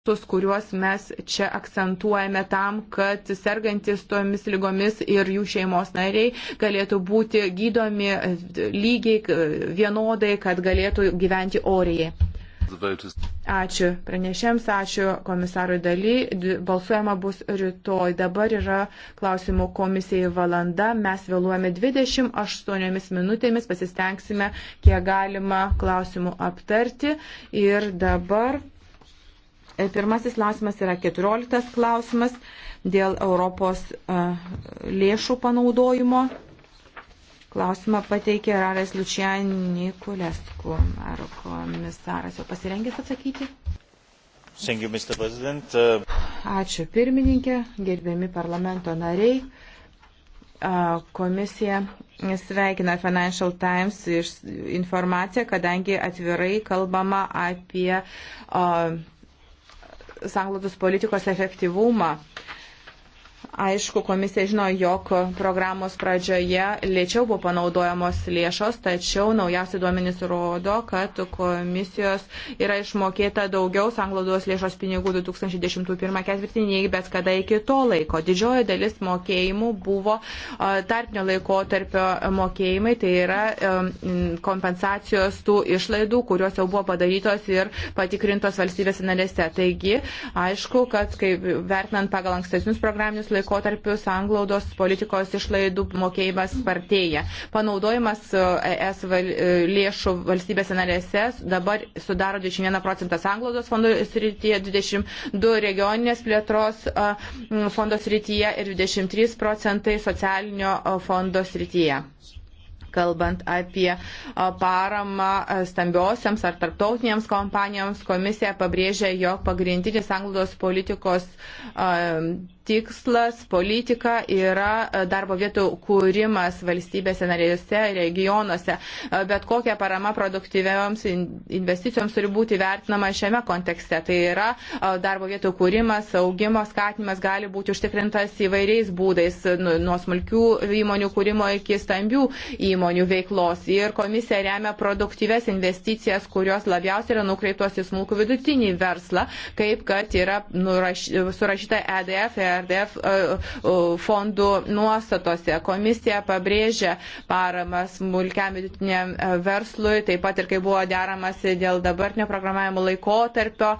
aspektus, kuriuos mes čia akcentuojame tam, kad sergantis tomis lygomis ir jų šeimos nariai galėtų būti gydomi e, lygiai vienodai, kad galėtų gyventi oriai. Ačiū pranešėms, ačiū komisarui daly. Balsuojama bus rytoj. Dabar yra klausimų komisijai valanda. Mes vėluojame 28 minutėmis, pasistengsime, kiek galima klausimų aptarti. Ir dabar. E, pirmasis klausimas yra 14 klausimas dėl Europos e, lėšų panaudojimo. Klausimą pateikė Raras Lučian Nikulesku. Ar komisaras jau pasirengęs atsakyti? You, e, Ačiū pirmininkė, gerbiami parlamento nariai komisija sveikina Financial Times informaciją, kadangi atvirai kalbama apie sanglaudos politikos efektyvumą. Aišku, komisija žino, jog programos pradžioje lėčiau buvo panaudojamos lėšos, tačiau naujausi duomenys rodo, kad komisijos yra išmokėta daugiau sanglaudos lėšos pinigų 2011 ketvirtį nei bet kada iki to laiko. Didžioji dalis mokėjimų buvo tarpinio laiko tarpio mokėjimai, tai yra kompensacijos tų išlaidų, kurios jau buvo padarytos ir patikrintos valstybės narėse. Taigi, aišku, kad kaip vertinant pagal ankstesnius programinius laikus, laikotarpiu sanglaudos politikos išlaidų mokėjimas spartėja. Panaudojimas ES e e, lėšų valstybėse narėse dabar sudaro 21 procentą sanglaudos fondo srityje, 22 regioninės plėtros e, fondo srityje ir 23 procentai socialinio fondo srityje kalbant apie paramą stambiosiams ar tarptautiniams kompanijoms, komisija pabrėžia, jog pagrindinis anglos politikos tikslas, politika yra e, darbo vietų kūrimas valstybėse narėse, regionuose. E, bet kokia parama produktyviams investicijoms turi būti vertinama šiame kontekste. Tai yra e, darbo vietų kūrimas, augimo skatinimas gali būti užtikrintas įvairiais būdais, nu, nuo smulkių įmonių kūrimo iki stambių įmonių veiklos. Ir komisija remia produktyves investicijas, kurios labiausiai yra nukreiptos į smulkų vidutinį verslą, kaip kad yra nuraš, surašyta EDF, RDF e e, e, fondų nuostatose. Komisija pabrėžia paramą smulkiam vidutiniam verslui, taip pat ir kai buvo deramasi dėl dabartinio programavimo laikotarpio.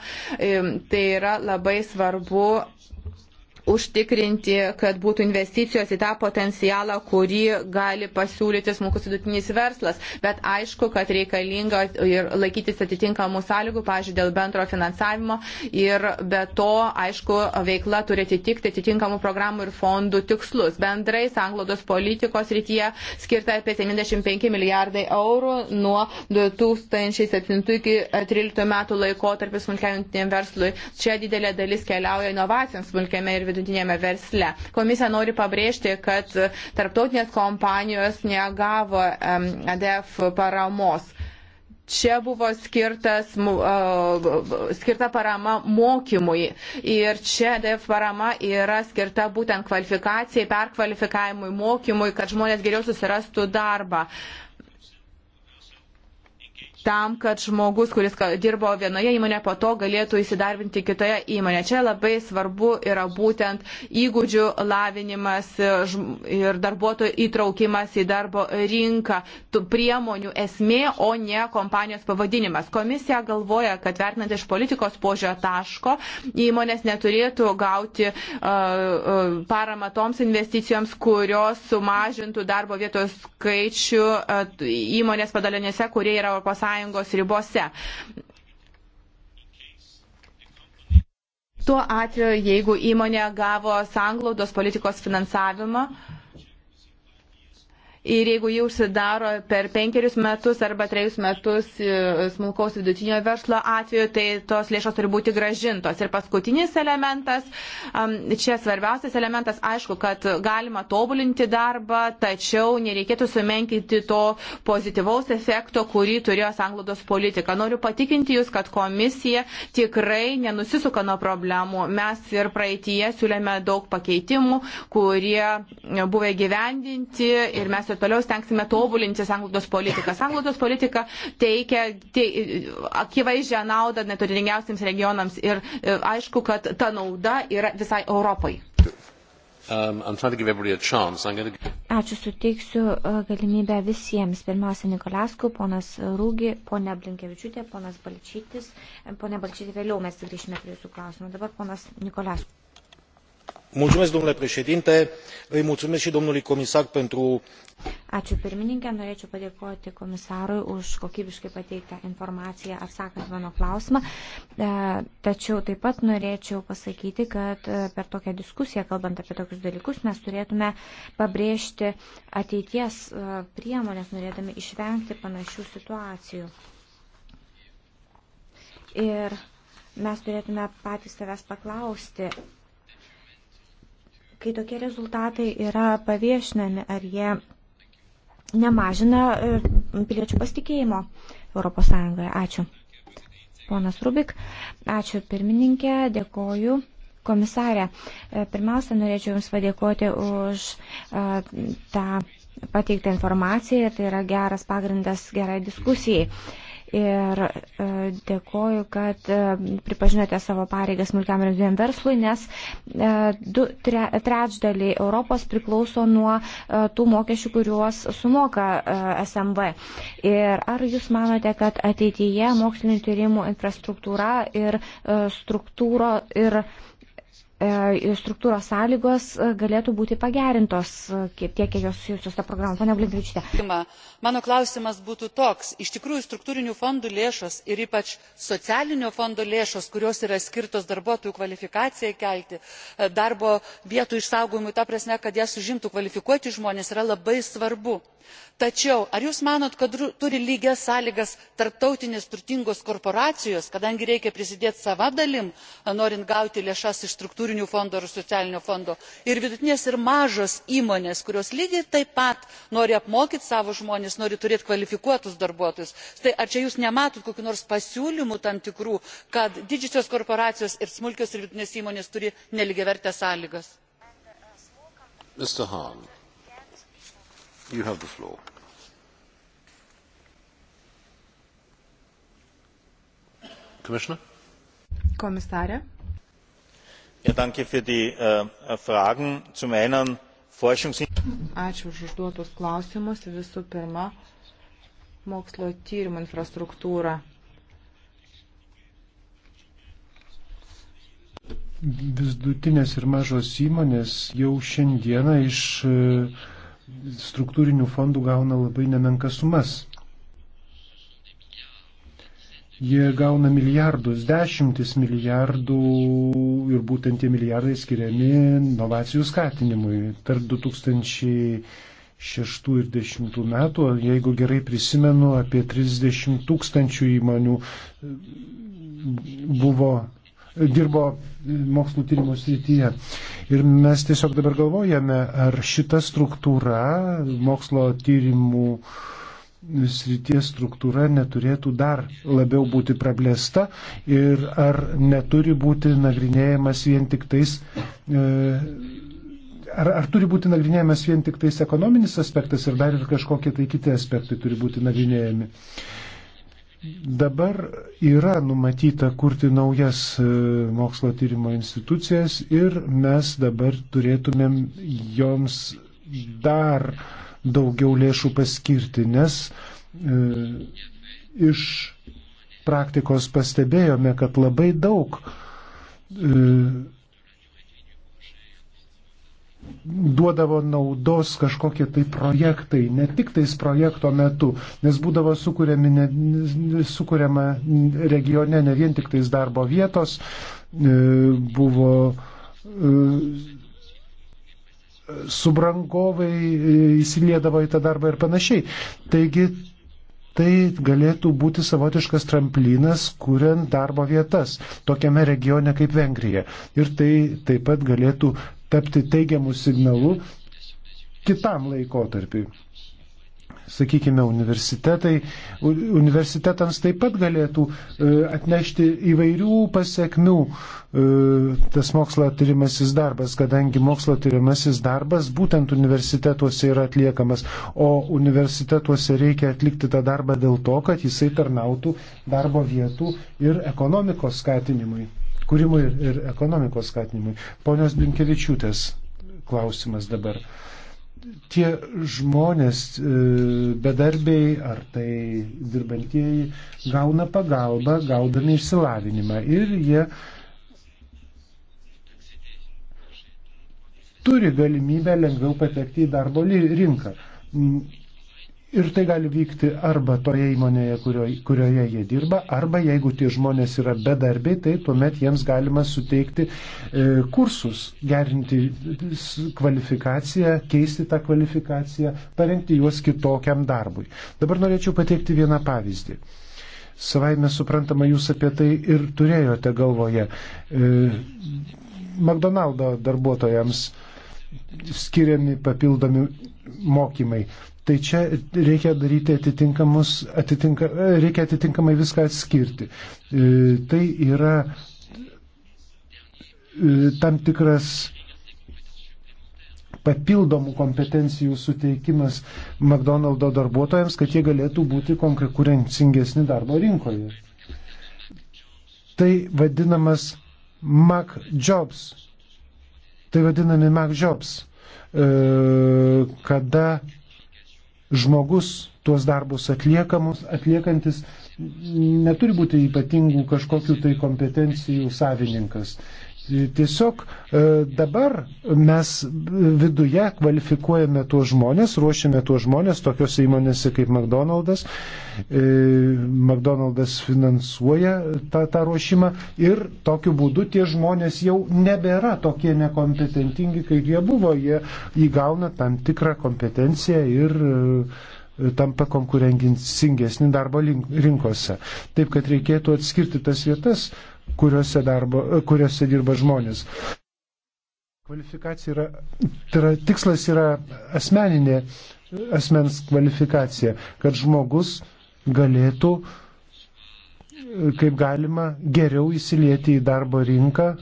Tai yra labai svarbu užtikrinti, kad būtų investicijos į tą potencialą, kurį gali pasiūlyti smulkus vidutinis verslas. Bet aišku, kad reikalinga ir laikytis atitinkamų sąlygų, pažiūrėjau, dėl bendro finansavimo ir be to, aišku, veikla turi atitikti atitinkamų programų ir fondų tikslus. Bendrai sanglodos politikos rytyje skirta apie 75 milijardai eurų nuo 2007 iki 2013 metų laiko tarp smulkiam verslui. Čia didelė dalis keliauja inovacijams smulkiame ir vidutiniame vidutinėme versle. Komisija nori pabrėžti, kad tarptautinės kompanijos negavo ADF paramos. Čia buvo skirtas, uh, skirta parama mokymui ir čia DF parama yra skirta būtent kvalifikacijai, perkvalifikavimui, mokymui, kad žmonės geriau susirastų darbą. Uh, tam, kad žmogus, kuris dirbo vienoje įmonėje, po to galėtų įsidarbinti kitoje įmonėje. Čia labai svarbu yra būtent įgūdžių lavinimas e, ir darbuotojų įtraukimas į darbo rinką, priemonių esmė, o ne kompanijos pavadinimas. Komisija galvoja, kad vertinant iš politikos požio taško, įmonės neturėtų gauti uh, paramą toms investicijoms, kurios sumažintų darbo vietos skaičių uh, įmonės padalinėse, kurie yra ES ES ribose. Tuo atveju, jeigu įmonė gavo sanglaudos politikos finansavimą, Ir jeigu jį užsidaro per penkerius metus arba trejus metus e, smulkaus vidutinio verslo atveju, tai tos lėšos turi būti gražintos. Ir paskutinis elementas, čia svarbiausias elementas, aišku, kad galima tobulinti darbą, tačiau nereikėtų sumenkinti to pozityvaus efekto, kurį turėjo sanglodos politika. Noriu patikinti Jūs, kad komisija tikrai nenusisuka nuo problemų. Mes ir praeitie siūlėme daug pakeitimų, kurie buvo gyvendinti ir mes ir toliau stengsime tobulinti sanglaudos politiką. Sanglaudos politika teikia te, akivaizdžią naudą neturiningiausiams regionams ir e, aišku, kad ta nauda yra visai Europai. Um, gonna... Ačiū, suteiksiu e, galimybę visiems. Pirmiausia, Nikolasku, ponas Rūgi, ponia Blinkevičiūtė, ponas Balčytis. E, Pone Balčytė, vėliau mes grįšime prie jūsų klausimų. Dabar ponas Nikolasku îi mulțumesc și domnului comisar pentru. ačiū pirmininke norėčiau padėkoti komisarui už kokybiškai pateiktą informaciją atsakant mano klausimą e, tačiau taip pat norėčiau pasakyti kad e, per tokią diskusiją kalbant apie tokius dalykus mes turėtume pabrėžti ateities e, priemones norėdami išvengti panašių situacijų ir mes turėtume patys savęs paklausti Kai tokie rezultatai yra paviešinami, ar jie nemažina e, piliečių pasitikėjimo ES? Ačiū. Ponas Rubik, ačiū pirmininkė, dėkoju. Komisarė, e, pirmiausia, norėčiau Jums padėkoti už uh, tą pateiktą informaciją, tai yra geras pagrindas gerai diskusijai. Uh, ir e, dėkoju, kad e, pripažinote savo pareigą smulkiam ir dviem verslui, nes e, du tre, trečdaliai Europos priklauso nuo tų mokesčių, kuriuos sumoka SMB. Ir ar jūs manote, kad ateityje mokslinio tyrimų infrastruktūra ir struktūro ir uh, E, struktūros sąlygos e, galėtų būti pagerintos, e, tiek, kiek jos susijusios tą programą. Pane Blindvičte. Mano klausimas būtų toks. Iš tikrųjų, struktūrinių fondų lėšos ir ypač socialinio fondo lėšos, kurios yra skirtos darbuotojų kvalifikacijai kelti, darbo vietų išsaugojimui, ta prasme, kad jas užimtų kvalifikuoti žmonės, yra labai svarbu. Tačiau, ar Jūs manot, kad turi lygias sąlygas tarptautinės turtingos korporacijos, kadangi reikia prisidėti savo dalim, norint gauti lėšas iš struktūrinių struktūrinių fondų ar socialinio fondo ir vidutinės ir mažos įmonės kurios lygiai taip pat nori apmokyti savo žmones nori turėti kvalifikuotus darbuotojus. tai ar čia jūs nematote kokių nors pasiūlymų tam tikrų kad didžiosios korporacijos ir smulkios ir vidutinės įmonės turi nelygiavertes sąlygas? komisare danke für die äh, äh, fragen. Zum einen Forschungs Ačiū už užduotus klausimus. Visų pirma, mokslo tyrimų infrastruktūra. Vidutinės ir mažos įmonės jau šiandieną iš e, struktūrinių fondų gauna labai nemenkas sumas. Jie gauna milijardus, dešimtis milijardų ir būtent tie milijardai skiriami inovacijų skatinimui. Tarp 2000 šeštų ir dešimtų metų, jeigu gerai prisimenu, apie 30 tūkstančių įmonių e, buvo, dirbo e, mokslo tyrimų srityje. Ir mes tiesiog dabar galvojame, ar šita struktūra mokslo tyrimų uh, srities struktūra neturėtų dar labiau būti prablėsta ir ar neturi būti nagrinėjamas vien tik tais. E, ar, ar turi būti nagrinėjamas vien tik tais ekonominis aspektas ir dar ir kažkokie tai kiti aspektai turi būti nagrinėjami. Dabar yra numatyta kurti naujas e, mokslo tyrimo institucijas ir mes dabar turėtumėm joms dar uh, daugiau lėšų paskirti, nes e, iš praktikos pastebėjome, kad labai daug e, duodavo naudos kažkokie tai projektai, ne tik tais projekto metu, nes būdavo ne, sukūriama regione ne vien tik tais darbo vietos, e, buvo e, subrangovai e, įsiliedavo į tą darbą ir panašiai. Taigi tai galėtų būti savotiškas tramplinas, kuriant darbo vietas tokiame regione kaip Vengrija. Ir tai taip pat galėtų tapti teigiamų signalų kitam laikotarpiu sakykime, universitetai, universitetams taip pat galėtų e, atnešti įvairių pasiekmių e, tas mokslo tyrimasis darbas, kadangi mokslo tyrimasis darbas būtent universitetuose yra atliekamas, o universitetuose reikia atlikti tą darbą dėl to, kad jisai tarnautų darbo vietų ir ekonomikos skatinimui, kūrimui ir ekonomikos skatinimui. Ponios Blinkevičiūtės klausimas dabar tie žmonės, e, bedarbiai ar tai dirbantieji, gauna pagalbą, gaudami išsilavinimą ir jie turi galimybę lengviau patekti į darbo rinką. Ir tai gali vykti arba toje įmonėje, kurioje, kurioje jie dirba, arba jeigu tie žmonės yra bedarbiai, tai tuomet jiems galima suteikti e, kursus, gerinti kvalifikaciją, keisti tą kvalifikaciją, parengti juos kitokiam darbui. Dabar norėčiau pateikti vieną pavyzdį. Savaime suprantama, jūs apie tai ir turėjote galvoje. E, McDonaldo darbuotojams skiriami papildomi mokymai. Tai čia reikia daryti atitinkamus, atitinka, reikia atitinkamai viską atskirti. E, tai yra e, tam tikras papildomų kompetencijų suteikimas McDonald'o darbuotojams, kad jie galėtų būti konkurencingesni darbo rinkoje. Tai vadinamas McJobs. Tai vadinami McJobs, e, kada žmogus tuos darbus atliekamus, atliekantis neturi būti ypatingų kažkokių tai kompetencijų savininkas. Tiesiog e, dabar mes viduje kvalifikuojame tuos žmonės, ruošiame tuos žmonės tokiuose įmonėse kaip McDonald's. E, McDonald's finansuoja tą, tą ruošimą ir tokiu būdu tie žmonės jau nebėra tokie nekompetentingi, kaip jie buvo. Jie įgauna tam tikrą kompetenciją ir e, tampa konkurencingesni darbo rinkose. Taip kad reikėtų atskirti tas vietas, kuriuose, darbo, kuriuose dirba žmonės. Kvalifikacija yra, tai yra, tikslas yra asmeninė asmens kvalifikacija, kad žmogus galėtų kaip galima geriau įsilieti į darbo rinką,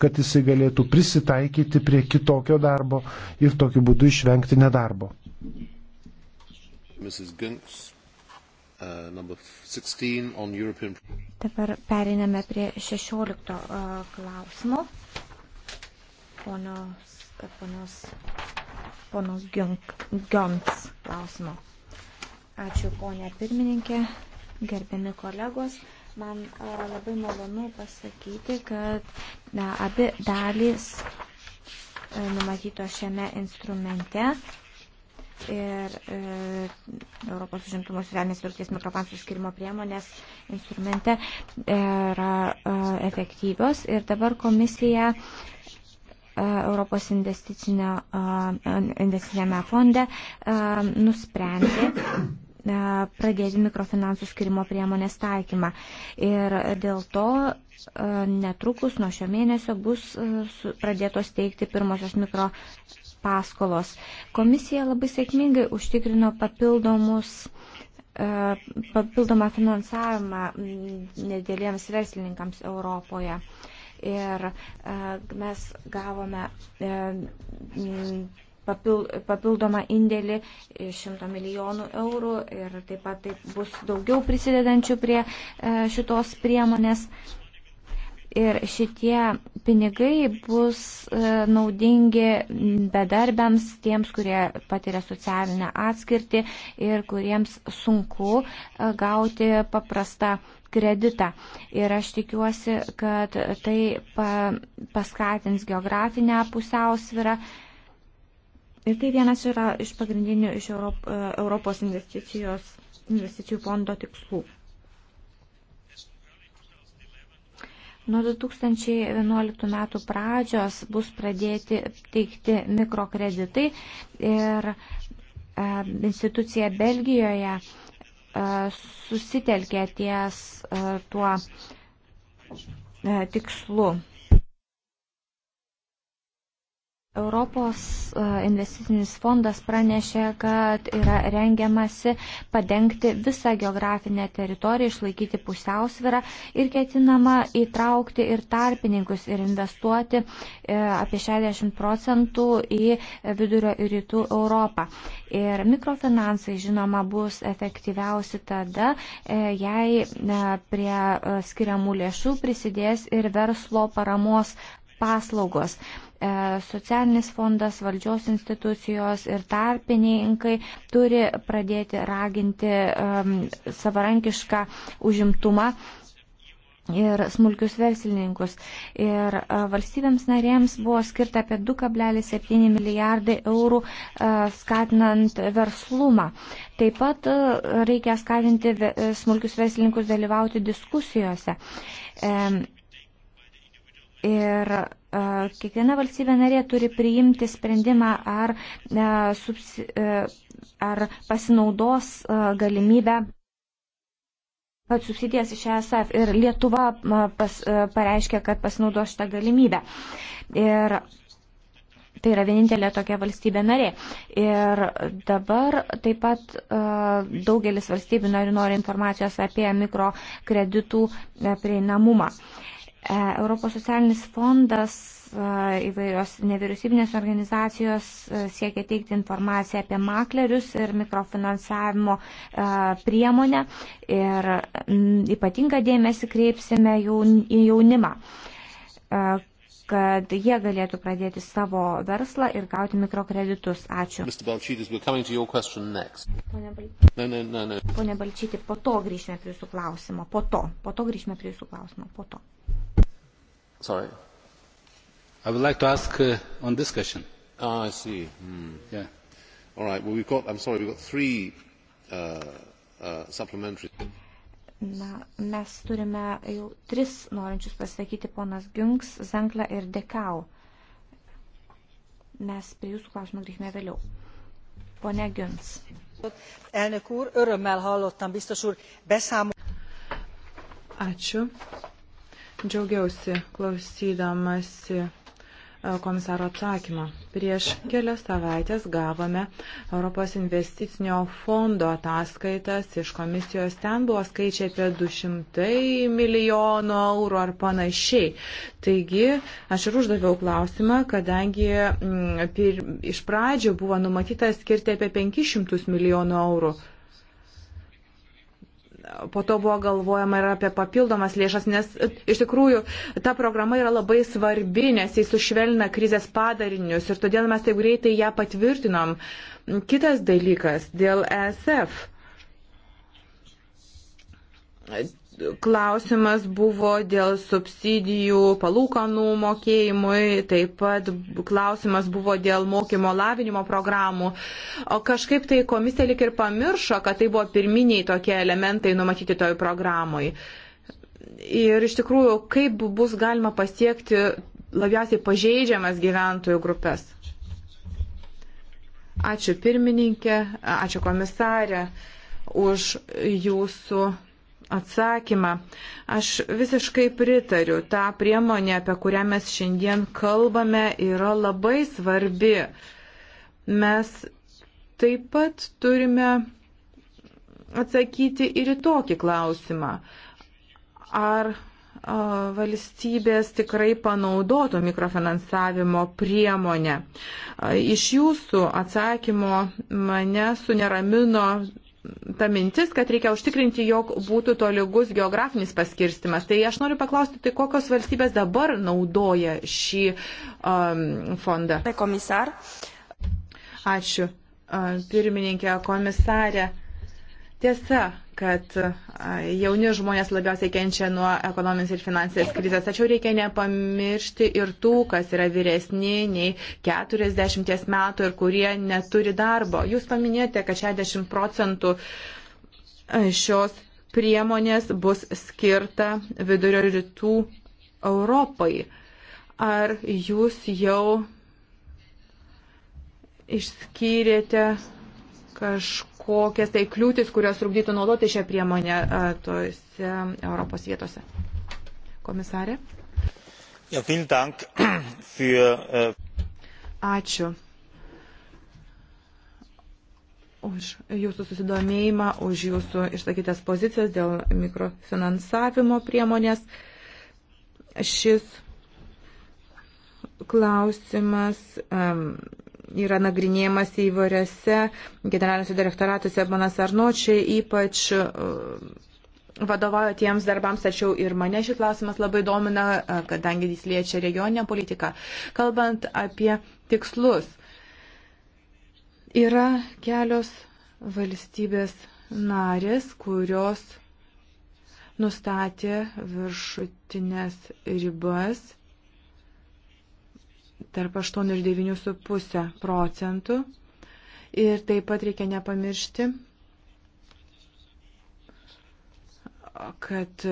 kad jisai galėtų prisitaikyti prie kitokio darbo ir tokiu būdu išvengti nedarbo. Mrs. Gunks. Uh, Dabar periname prie 16 uh, klausimo. Ponios, ponios, ponios Gions klausimo. Ačiū, ponė pirmininkė, gerbiami kolegos. Man uh, labai malonu pasakyti, kad na, abi dalys numatyto šiame instrumente ir e, Europos užimtumo socialinės virties mikrofinansų skirimo priemonės instrumente yra e, efektyvios. Ir dabar komisija e, Europos investicinėme e, fonde e, nusprendė e, pradėti mikrofinansų skirimo priemonės taikymą. Ir dėl to e, netrukus nuo šio mėnesio bus pradėtos teikti pirmosios mikrofinansų paskolos. Komisija labai sėkmingai užtikrino papildomus e, papildomą finansavimą nedėliems verslininkams Europoje. Ir e, mes gavome e, papildomą indėlį 100 milijonų eurų ir taip pat taip bus daugiau prisidedančių prie šitos priemonės. Ir šitie pinigai bus e, naudingi bedarbiams, tiems, kurie patiria socialinę atskirtį ir kuriems sunku e, gauti paprastą kreditą. Ir aš tikiuosi, kad tai pa, paskatins geografinę pusiausvyrą. Ir tai vienas yra iš pagrindinių iš Europ, e, Europos investicijos, investicijų fondo tikslų. Nuo 2011 metų pradžios bus pradėti teikti mikrokreditai ir e, institucija Belgijoje e, susitelkė ties e, tuo tikslu. Europos e, investicinis fondas pranešė, kad yra rengiamasi padengti visą geografinę teritoriją, išlaikyti pusiausvirą ir ketinama įtraukti ir tarpininkus ir investuoti e, apie 60 procentų į vidurio ir rytų Europą. Ir mikrofinansai, žinoma, bus efektyviausi tada, e, jei prie skiriamų lėšų prisidės ir verslo paramos paslaugos. E, socialinis fondas, valdžios institucijos ir tarpininkai turi pradėti raginti e, savarankišką užimtumą ir smulkius verslininkus. Ir e, valstybėms narėms buvo skirta apie 2,7 milijardai eurų skatinant verslumą. Taip pat reikia skatinti smulkius verslininkus dalyvauti diskusijose Ir uh, kiekviena valstybė narė turi priimti sprendimą, ar, uh, subsi, uh, ar pasinaudos uh, galimybę pat subsidijas iš ESF. Ir Lietuva uh, pas, uh, pareiškia, kad pasinaudos šitą galimybę. Ir tai yra vienintelė tokia valstybė narė. Ir dabar taip pat uh, daugelis valstybių narių nori informacijos apie mikrokreditų prieinamumą. Uh, E, Europos socialinis fondas e, įvairios nevyriausybinės organizacijos e, siekia teikti informaciją apie maklerius ir mikrofinansavimo priemonę ir ypatingą dėmesį kreipsime į jaunimą kad jie galėtų pradėti savo verslą ir gauti mikrokreditus. Ačiū. Pone Balčyti, po to grįžime prie jūsų klausimo. Po to. Po to grįžime prie jūsų klausimo. Po to. Sorry. I would like to ask uh, on this question. Ah, I see. Hmm. Yeah. All right. Well, we've got. I'm sorry. We've got three uh, uh, supplementary. Na, mes turime jau tris norinčius pasakyti ponas Gungs, Zankla ir Dekau. Mes prie jūsų klausimą grįžime vėliau. Pone Gungs. Elnök úr, örömmel hallottam biztos úr beszámolni. Ačiū. Džiaugiausi klausydamasi e, komisaro atsakymą. Prieš kelias savaitės gavome Europos investicinio fondo ataskaitas iš komisijos. Ten buvo skaičiai apie 200 milijonų eurų ar panašiai. Taigi aš ir uždaviau klausimą, kadangi m, mm, pir, iš pradžių buvo numatyta skirti apie 500 milijonų eurų po to buvo galvojama ir apie papildomas lėšas, nes e, iš tikrųjų ta programa yra labai svarbi, nes jis sušvelna krizės padarinius ir todėl mes taip greitai ją patvirtinom. Kitas dalykas dėl ESF klausimas buvo dėl subsidijų palūkanų mokėjimui, taip pat klausimas buvo dėl mokymo lavinimo programų. O kažkaip tai komisija lik ir pamiršo, kad tai buvo pirminiai tokie elementai numatyti toj programai. Ir iš tikrųjų, kaip bus galima pasiekti labiausiai pažeidžiamas gyventojų grupės. Ačiū pirmininkė, ačiū komisarė už jūsų atsakymą. Aš visiškai pritariu, ta priemonė, apie kurią mes šiandien kalbame, yra labai svarbi. Mes taip pat turime atsakyti ir į tokį klausimą. Ar valstybės tikrai panaudotų mikrofinansavimo priemonę. Iš jūsų atsakymo mane suneramino ta mintis, kad reikia užtikrinti, jog būtų tolygus geografinis paskirstimas. Tai aš noriu paklausti, tai kokios valstybės dabar naudoja šį um, fondą? Komisar. Ačiū, uh, pirmininkė, komisarė. Tiesa, kad jauni žmonės labiausiai kenčia nuo ekonominės ir finansinės krizės. Tačiau reikia nepamiršti ir tų, kas yra vyresni nei 40 metų ir kurie neturi darbo. Jūs paminėjote, kad 60 procentų šios priemonės bus skirta vidurio rytų Europai. Ar jūs jau išskyrėte kažką? kokias tai kliūtis, kurios rūkdytų naudoti šią priemonę tose Europos vietose. Komisarė. Ja, dank für, uh... Ačiū už jūsų susidomėjimą, už jūsų išsakytas pozicijas dėl mikrofinansavimo priemonės. Šis klausimas. Um, yra nagrinėjamas įvairiose generaliniuose direktoratuose. Manas Arnočiai ypač uh, vadovauja tiems darbams, tačiau ir mane šis klausimas labai domina, uh, kadangi jis liečia regioninę politiką. Kalbant apie tikslus, yra kelios valstybės narės, kurios nustatė viršutinės ribas tarp 8 ir 9,5 procentų. Ir taip pat reikia nepamiršti, kad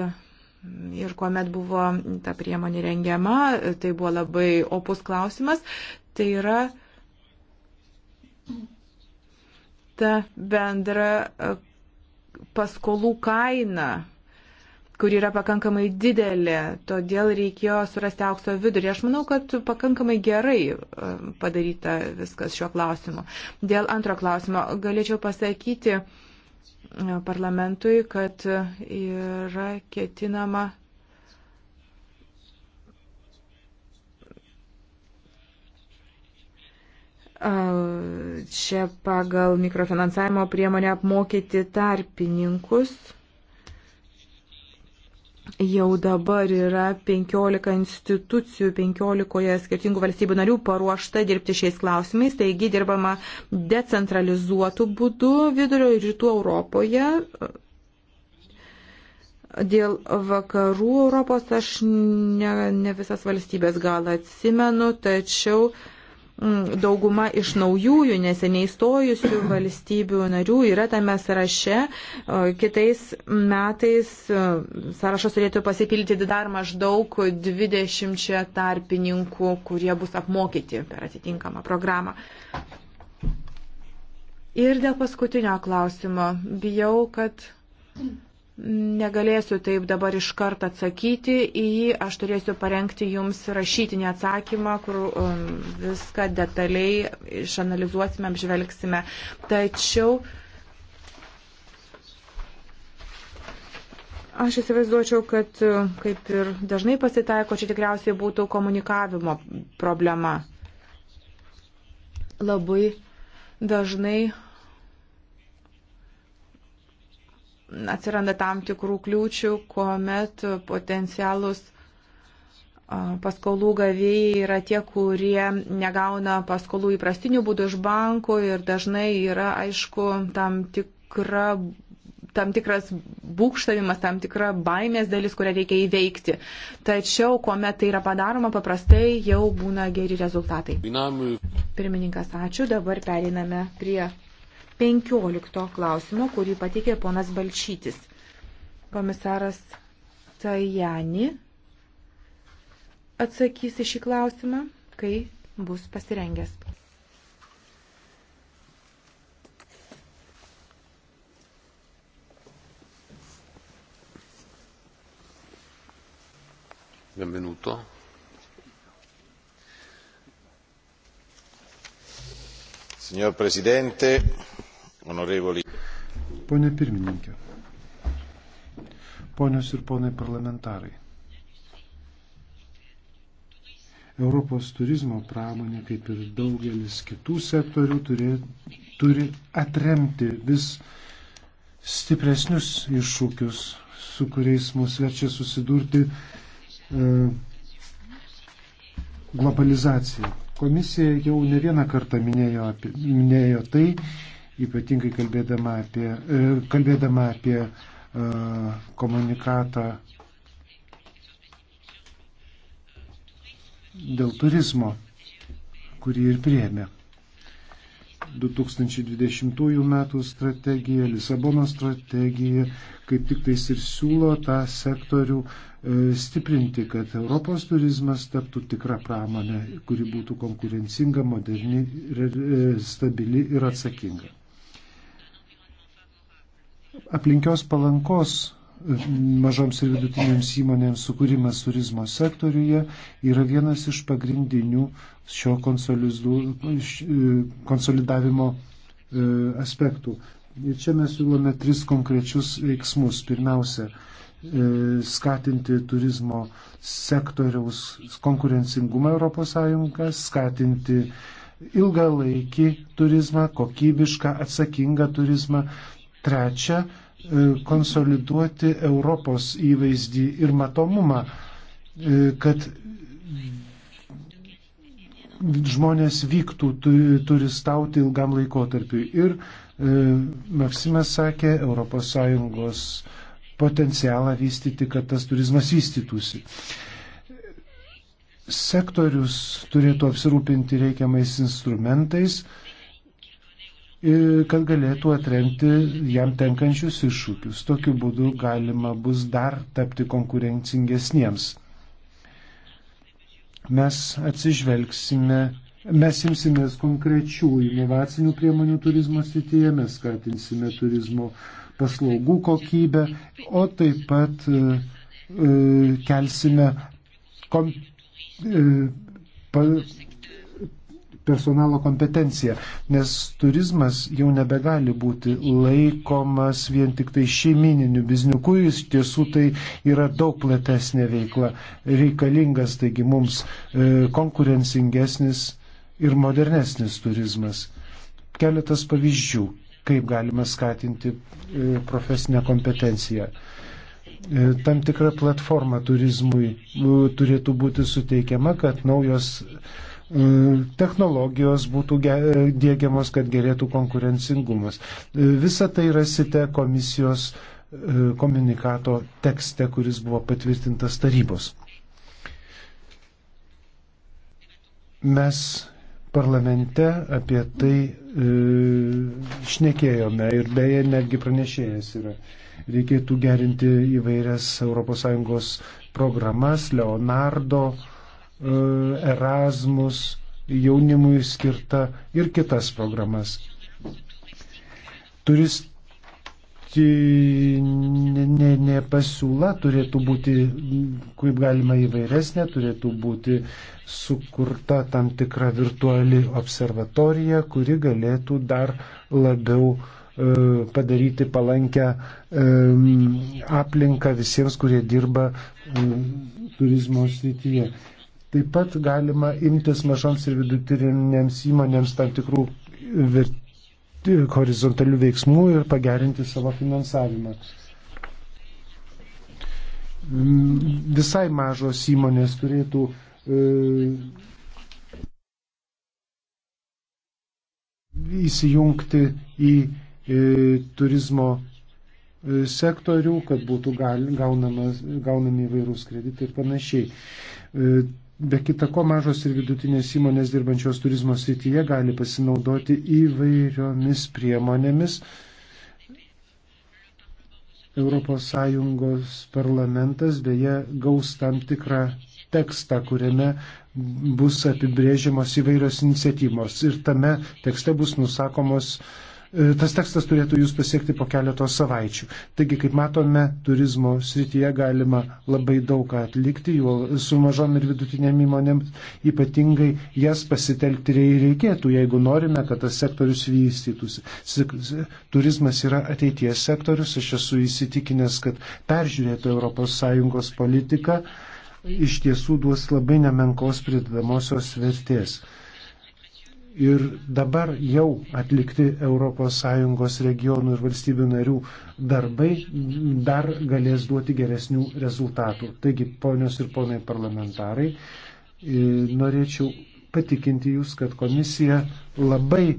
ir kuomet buvo ta priemonė rengiama, tai buvo labai opus klausimas, tai yra ta bendra paskolų kaina kuri yra pakankamai didelė, todėl reikėjo surasti aukso vidurį. Aš manau, kad pakankamai gerai e, padaryta viskas šiuo klausimu. Dėl antro klausimo galėčiau pasakyti e, parlamentui, kad yra ketinama. Čia pagal mikrofinansavimo priemonę apmokyti tarpininkus Jau dabar yra 15 institucijų, 15 skirtingų valstybių narių paruošta dirbti šiais klausimais, taigi dirbama decentralizuotų būdų vidurio ir rytų Europoje. Dėl vakarų Europos aš ne, ne visas valstybės gal atsimenu, tačiau uh, Mm, dauguma iš naujųjų, neseniai stojusių valstybių narių yra tame sąraše. Kitais metais e, sąrašas turėtų pasipildyti dar maždaug 20 tarpininkų, kurie bus apmokyti per atitinkamą programą. Ir dėl paskutinio klausimo. Bijau, kad Negalėsiu taip dabar iš karto atsakyti į jį, aš turėsiu parengti jums rašytinį atsakymą, kur um, viską detaliai išanalizuosime, apžvelgsime. Tačiau aš įsivaizduočiau, kad um, kaip ir dažnai pasitaiko, čia tikriausiai būtų komunikavimo problema. Labai dažnai atsiranda tam tikrų kliūčių, kuomet potencialus paskolų gavėjai yra tie, kurie negauna paskolų įprastinių būdų iš bankų ir dažnai yra, aišku, tam, tikra, tam tikras būkštavimas, tam tikra baimės dalis, kurią reikia įveikti. Tačiau, kuomet tai yra padaroma, paprastai jau būna geri rezultatai. Pirmininkas, ačiū. Dabar periname prie 15 klausimo, kurį patikė ponas Balčytis. Komisaras Tajani atsakys į šį klausimą, kai bus pasirengęs. Benvenuto. Signor Presidente, Honorevoli. Pone pirmininkė, ponios ir ponai parlamentarai. Europos turizmo pramonė, kaip ir daugelis kitų sektorių, turi, turi atremti vis stipresnius iššūkius, su kuriais mus verčia susidurti e, globalizacija. Komisija jau ne vieną kartą minėjo, apie, minėjo tai, ypatingai kalbėdama apie, e, kalbėdama apie e, komunikatą dėl turizmo, kurį ir priemė. 2020 metų strategija, Lisabono strategija, kaip tik tais ir siūlo tą sektorių e, stiprinti, kad Europos turizmas taptų tikrą pramonę, kuri būtų konkurencinga, moderni, stabili ir atsakinga aplinkios palankos e, mažoms ir vidutinėms įmonėms sukūrimas turizmo sektoriuje yra vienas iš pagrindinių šio e, konsolidavimo e, aspektų. Ir čia mes siūlome tris konkrečius veiksmus. Pirmiausia, skatinti turizmo sektoriaus konkurencingumą ES, skatinti ilgalaikį turizmą, kokybišką, atsakingą turizmą, Trečia, e, konsoliduoti Europos įvaizdį ir matomumą, e, kad žmonės vyktų turistauti ilgam laikotarpiu. Ir e, Maksimas sakė, ES potencialą vystyti, kad tas turizmas vystytųsi sektorius turėtų apsirūpinti reikiamais instrumentais, E, kad galėtų atremti jam tenkančius iššūkius. Tokiu būdu galima bus dar tapti konkurencingesniems. Mes atsižvelgsime, mes imsimės konkrečių inovacinių priemonių turizmo srityje, mes skatinsime turizmo paslaugų kokybę, o taip pat e, e kelsime kom, e, pa, personalo kompetencija, nes turizmas jau nebegali būti laikomas vien tik tai šeimininiu bizniuku, jis tiesų tai yra daug platesnė veikla, reikalingas taigi mums e, konkurencingesnis ir modernesnis turizmas. Keletas pavyzdžių, kaip galima skatinti e, profesinę kompetenciją e, tam tikra platforma turizmui e, turėtų būti suteikiama, kad naujos Mm, technologijos būtų dėgiamos, kad gerėtų konkurencingumas. E, visa tai rasite komisijos e, komunikato tekste, kuris buvo patvirtintas tarybos. Mes parlamente apie tai e, šnekėjome ir beje netgi pranešėjas yra. Reikėtų gerinti įvairias ES programas, Leonardo, E, Erasmus jaunimui skirta ir kitas programas. Turistinė pasiūla turėtų būti, kaip galima įvairesnė, turėtų būti sukurta tam tikra virtuali observatorija, kuri galėtų dar labiau e, padaryti palankę e, aplinką visiems, kurie dirba turizmo srityje. Taip pat galima imtis mažoms ir vidutinėms įmonėms tam tikrų horizontalių veiksmų ir pagerinti savo finansavimą. Mm, visai mažos įmonės turėtų e, įsijungti į e, turizmo e, sektorių, kad būtų gaunama, gaunami įvairūs kreditai ir panašiai Be kita ko, mažos ir vidutinės įmonės dirbančios turizmo srityje gali pasinaudoti įvairiomis priemonėmis. ES parlamentas beje gaus tam tikrą tekstą, kuriame bus apibrėžiamos įvairios iniciatyvos ir tame tekste bus nusakomos uh, E, tas tekstas turėtų jūs pasiekti po keletos savaičių. Taigi, kaip matome, turizmo srityje galima labai daug atlikti, juo su mažom ir vidutinėm įmonėm ypatingai jas pasitelkti reikėtų, jeigu norime, kad tas sektorius vystytųsi. Turizmas yra ateities sektorius, aš esu įsitikinęs, kad peržiūrėta ES politika iš tiesų duos labai nemenkos pridedamosios vertės ir dabar jau atlikti ES regionų ir valstybių narių darbai dar galės duoti geresnių rezultatų. Taigi, ponios ir ponai parlamentarai, e, norėčiau patikinti Jūs, kad komisija labai e,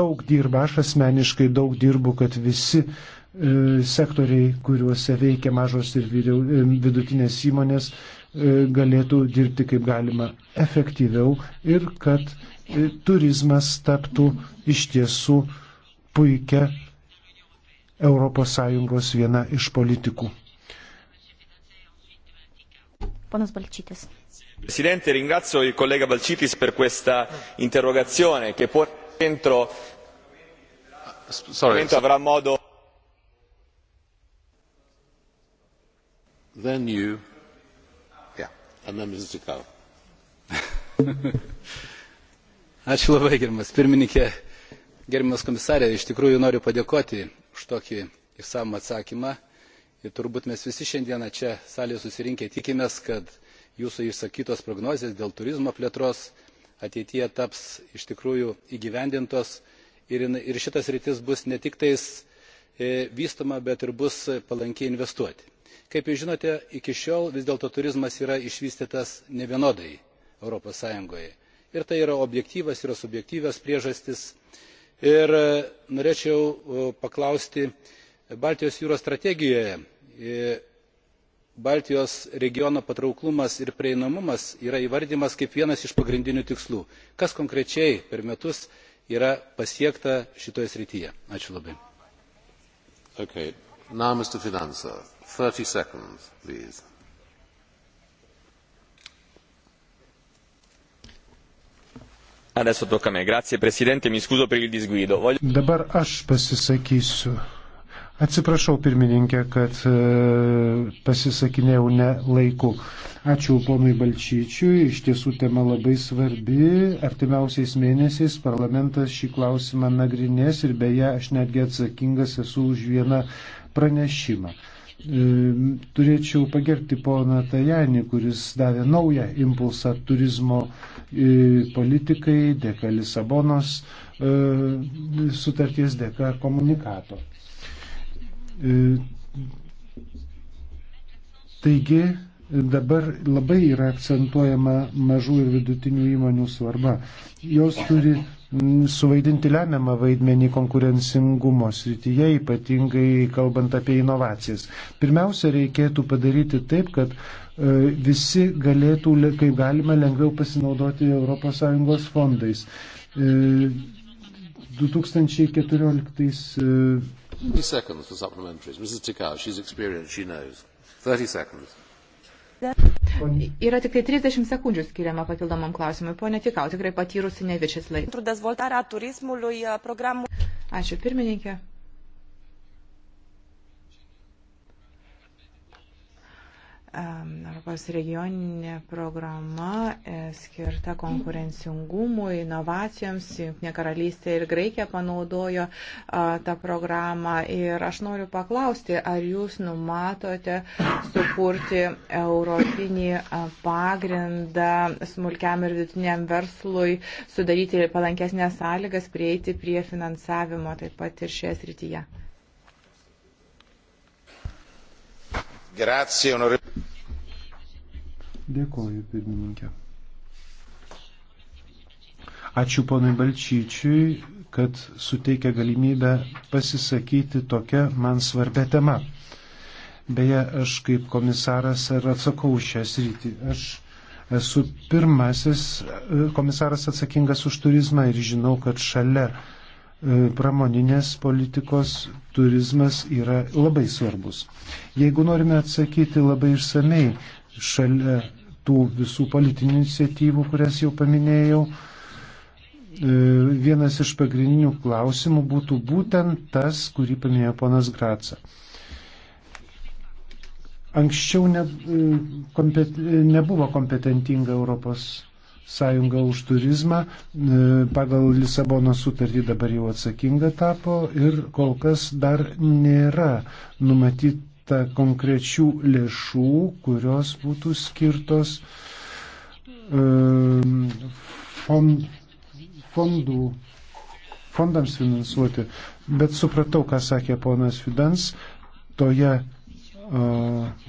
daug dirba, aš asmeniškai daug dirbu, kad visi e, sektoriai, kuriuose veikia mažos ir vidutinės įmonės, E, galėtų dirbti kaip galima efektyviau ir kad e, turizmas taptų iš tiesų puikia ES viena iš politikų. Ponas Balčytis. Presidente, ringrazio il collega Balcitis per questa interrogazione che può entro Sorry, avrà modo. Then you Ačiū labai, gerbiamas pirmininkė, gerbiamas komisarė. Iš tikrųjų noriu padėkoti už tokį išsamų atsakymą. Ir turbūt mes visi šiandieną čia salėje susirinkę tikimės, kad jūsų išsakytos prognozijas dėl turizmo plėtros ateityje taps iš tikrųjų įgyvendintos ir, ir šitas rytis bus ne tik tais e, vystoma, bet ir bus palankiai investuoti kaip jūs žinote iki šiol vis dėlto turizmas yra išvystytas nevienodai europos sąjungoje ir tai yra objektyvios ir subjektyvios priežastys ir e, norėčiau e, paklausti baltijos jūros strategijoje e, baltijos regiono patrauklumas ir prieinamumas yra įvardijamas kaip vienas iš pagrindinių tikslų kas konkrečiai per metus yra pasiekta šitoje srityje? Seconds, Grazie, mi scuso per il disguido. Voglio... Dabar aš pasisakysiu. Atsiprašau, pirmininkė, kad e, pasisakinėjau ne laiku. Ačiū ponui Balčyčiui, iš tiesų tema labai svarbi. Artimiausiais mėnesiais parlamentas šį klausimą nagrinės ir beje, aš netgi atsakingas esu už vieną pranešimą. E, turėčiau pagerti poną Tajanį, kuris davė naują impulsą turizmo e, politikai dėka Lisabonos e, sutarties, dėka komunikato. Taigi dabar labai yra akcentuojama mažų ir vidutinių įmonių svarba. Jos turi suvaidinti lemiamą vaidmenį konkurencingumo srityje, ypatingai kalbant apie inovacijas. Pirmiausia, reikėtų padaryti taip, kad e, visi galėtų, kaip galima, lengviau pasinaudoti ES fondais. 2014. E, 30 e, seconds for supplementaries. Mrs. Tikau, she's experienced, she knows. 30 seconds narise. Yra tik tai 30 sekundžių skiriama papildomam klausimui. Pone Tikau, tikrai patyrusi ne vičias laikas. Ačiū pirmininkė. Europos regioninė programa e, skirta konkurencingumui, inovacijoms. Junktinė karalystė ir Graikija panaudojo tą programą. Ir aš noriu paklausti, ar jūs numatote sukurti europinį pagrindą smulkiam ir vidutiniam verslui, sudaryti palankesnės sąlygas, prieiti prie finansavimo taip pat ir šioje srityje. Grazie, onore... Dėkoju, pirmininkė. Ačiū ponui Balčyčiui, kad suteikia galimybę pasisakyti tokią man svarbę temą. Beje, aš kaip komisaras ir atsakau šią sritį. Aš esu pirmasis e, komisaras atsakingas už turizmą ir žinau, kad šalia e, pramoninės politikos turizmas yra labai svarbus. Jeigu norime atsakyti labai išsamei šalia tų visų politinių iniciatyvų, kurias jau paminėjau, e, vienas iš pagrindinių klausimų būtų būtent tas, kurį paminėjo ponas Graca. Anksčiau ne, e, kompet, nebuvo kompetentinga Europos Sąjunga už turizmą, e, pagal Lisabono sutartį dabar jau atsakinga tapo ir kol kas dar nėra numatyt, numatyta konkrečių lėšų, kurios būtų skirtos ehm, fondų, fondams finansuoti. Bet supratau, ką sakė ponas Fidans, toje,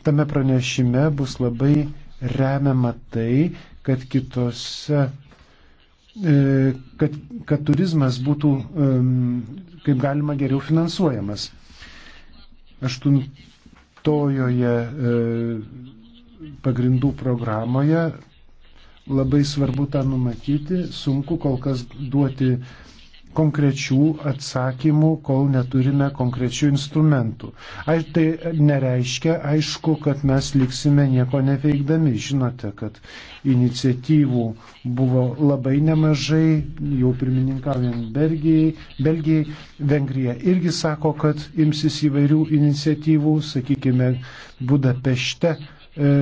tame pranešime bus labai remiama tai, kad kitose, e, kad, kad turizmas būtų ehm, kaip galima geriau finansuojamas. Aštunt penktojoje e, pagrindų programoje. Labai svarbu tą numatyti, sunku kol kas duoti konkrečių atsakymų, kol neturime konkrečių instrumentų. Aš tai nereiškia, aišku, kad mes liksime nieko neveikdami. Žinote, kad iniciatyvų buvo labai nemažai, jau pirmininkaujant Belgijai, Belgijai, Vengrija irgi sako, kad imsis įvairių iniciatyvų, sakykime, Budapešte e,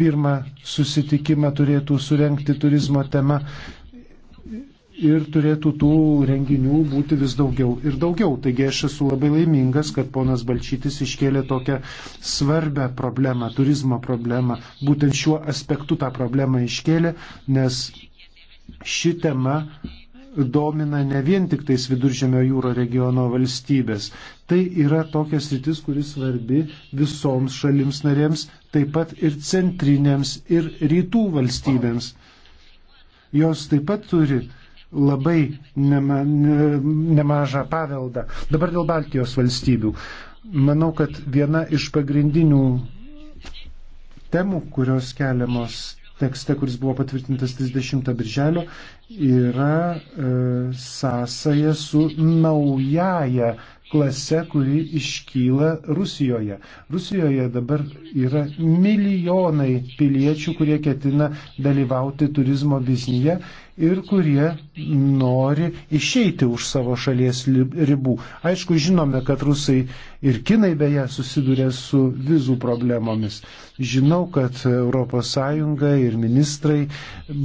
pirmą susitikimą turėtų surenkti turizmo tema ir turėtų tų renginių būti vis daugiau ir daugiau. Taigi aš esu labai laimingas, kad ponas Balčytis iškėlė tokią svarbę problemą, turizmo problemą. Būtent šiuo aspektu tą problemą iškėlė, nes ši tema domina ne vien tik tais viduržėmio jūro regiono valstybės. Tai yra tokia sritis, kuris svarbi visoms šalims narėms, taip pat ir centrinėms, ir rytų valstybėms. Jos taip pat turi labai nema, nemažą paveldą. Dabar dėl Baltijos valstybių. Manau, kad viena iš pagrindinių temų, kurios keliamos tekste, kuris buvo patvirtintas 30 birželio, yra e, sąsaja su naujaja klase, kuri iškyla Rusijoje. Rusijoje dabar yra milijonai piliečių, kurie ketina dalyvauti turizmo biznyje ir kurie nori išeiti už savo šalies ribų. Aišku, žinome, kad rusai ir kinai beje susiduria su vizų problemomis. Žinau, kad ES ir ministrai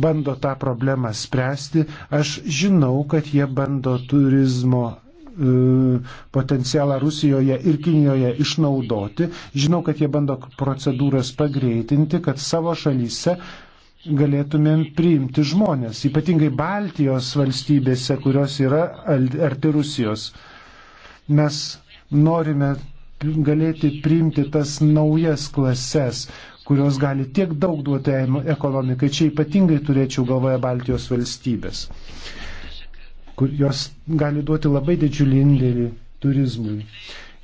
bando tą problemą spręsti. Aš žinau, kad jie bando turizmo E, potencialą Rusijoje ir Kinijoje išnaudoti. Žinau, kad jie bando procedūras pagreitinti, kad savo šalyse galėtumėm priimti žmonės, ypatingai Baltijos valstybėse, kurios yra arti Rusijos. Mes norime galėti priimti tas naujas klases, kurios gali tiek daug duoti ekonomikai. Čia ypatingai turėčiau galvoje Baltijos valstybės kur jos gali duoti labai didžiulį indėlį turizmui.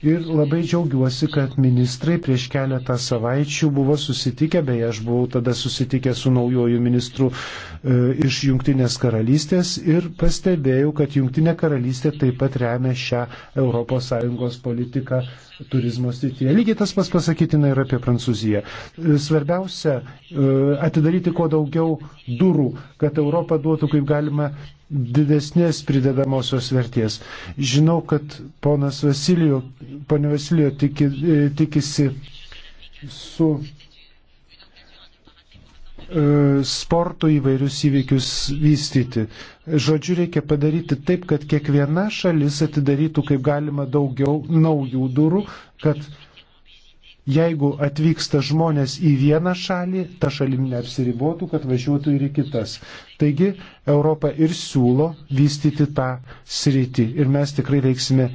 Ir labai džiaugiuosi, kad ministrai prieš keletą savaičių buvo susitikę, beje, aš buvau tada susitikę su naujoju ministru e, iš Junktinės karalystės ir pastebėjau, kad Junktinė karalystė taip pat remia šią ES politiką turizmo srityje. Lygiai tas pas pasakytina ir apie Prancūziją. E, svarbiausia e, atidaryti kuo daugiau durų, kad Europa duotų kaip galima didesnės pridedamosios vertės. Žinau, kad ponas Vasilijo, ponė Vasilijo tiki, e, tikisi su E, sporto įvairius įvykius vystyti. Žodžiu, reikia padaryti taip, kad kiekviena šalis atidarytų kaip galima daugiau naujų durų, kad jeigu atvyksta žmonės į vieną šalį, ta šalim neapsiribotų, kad važiuotų ir į kitas. Taigi Europa ir siūlo vystyti tą sritį ir mes tikrai veiksime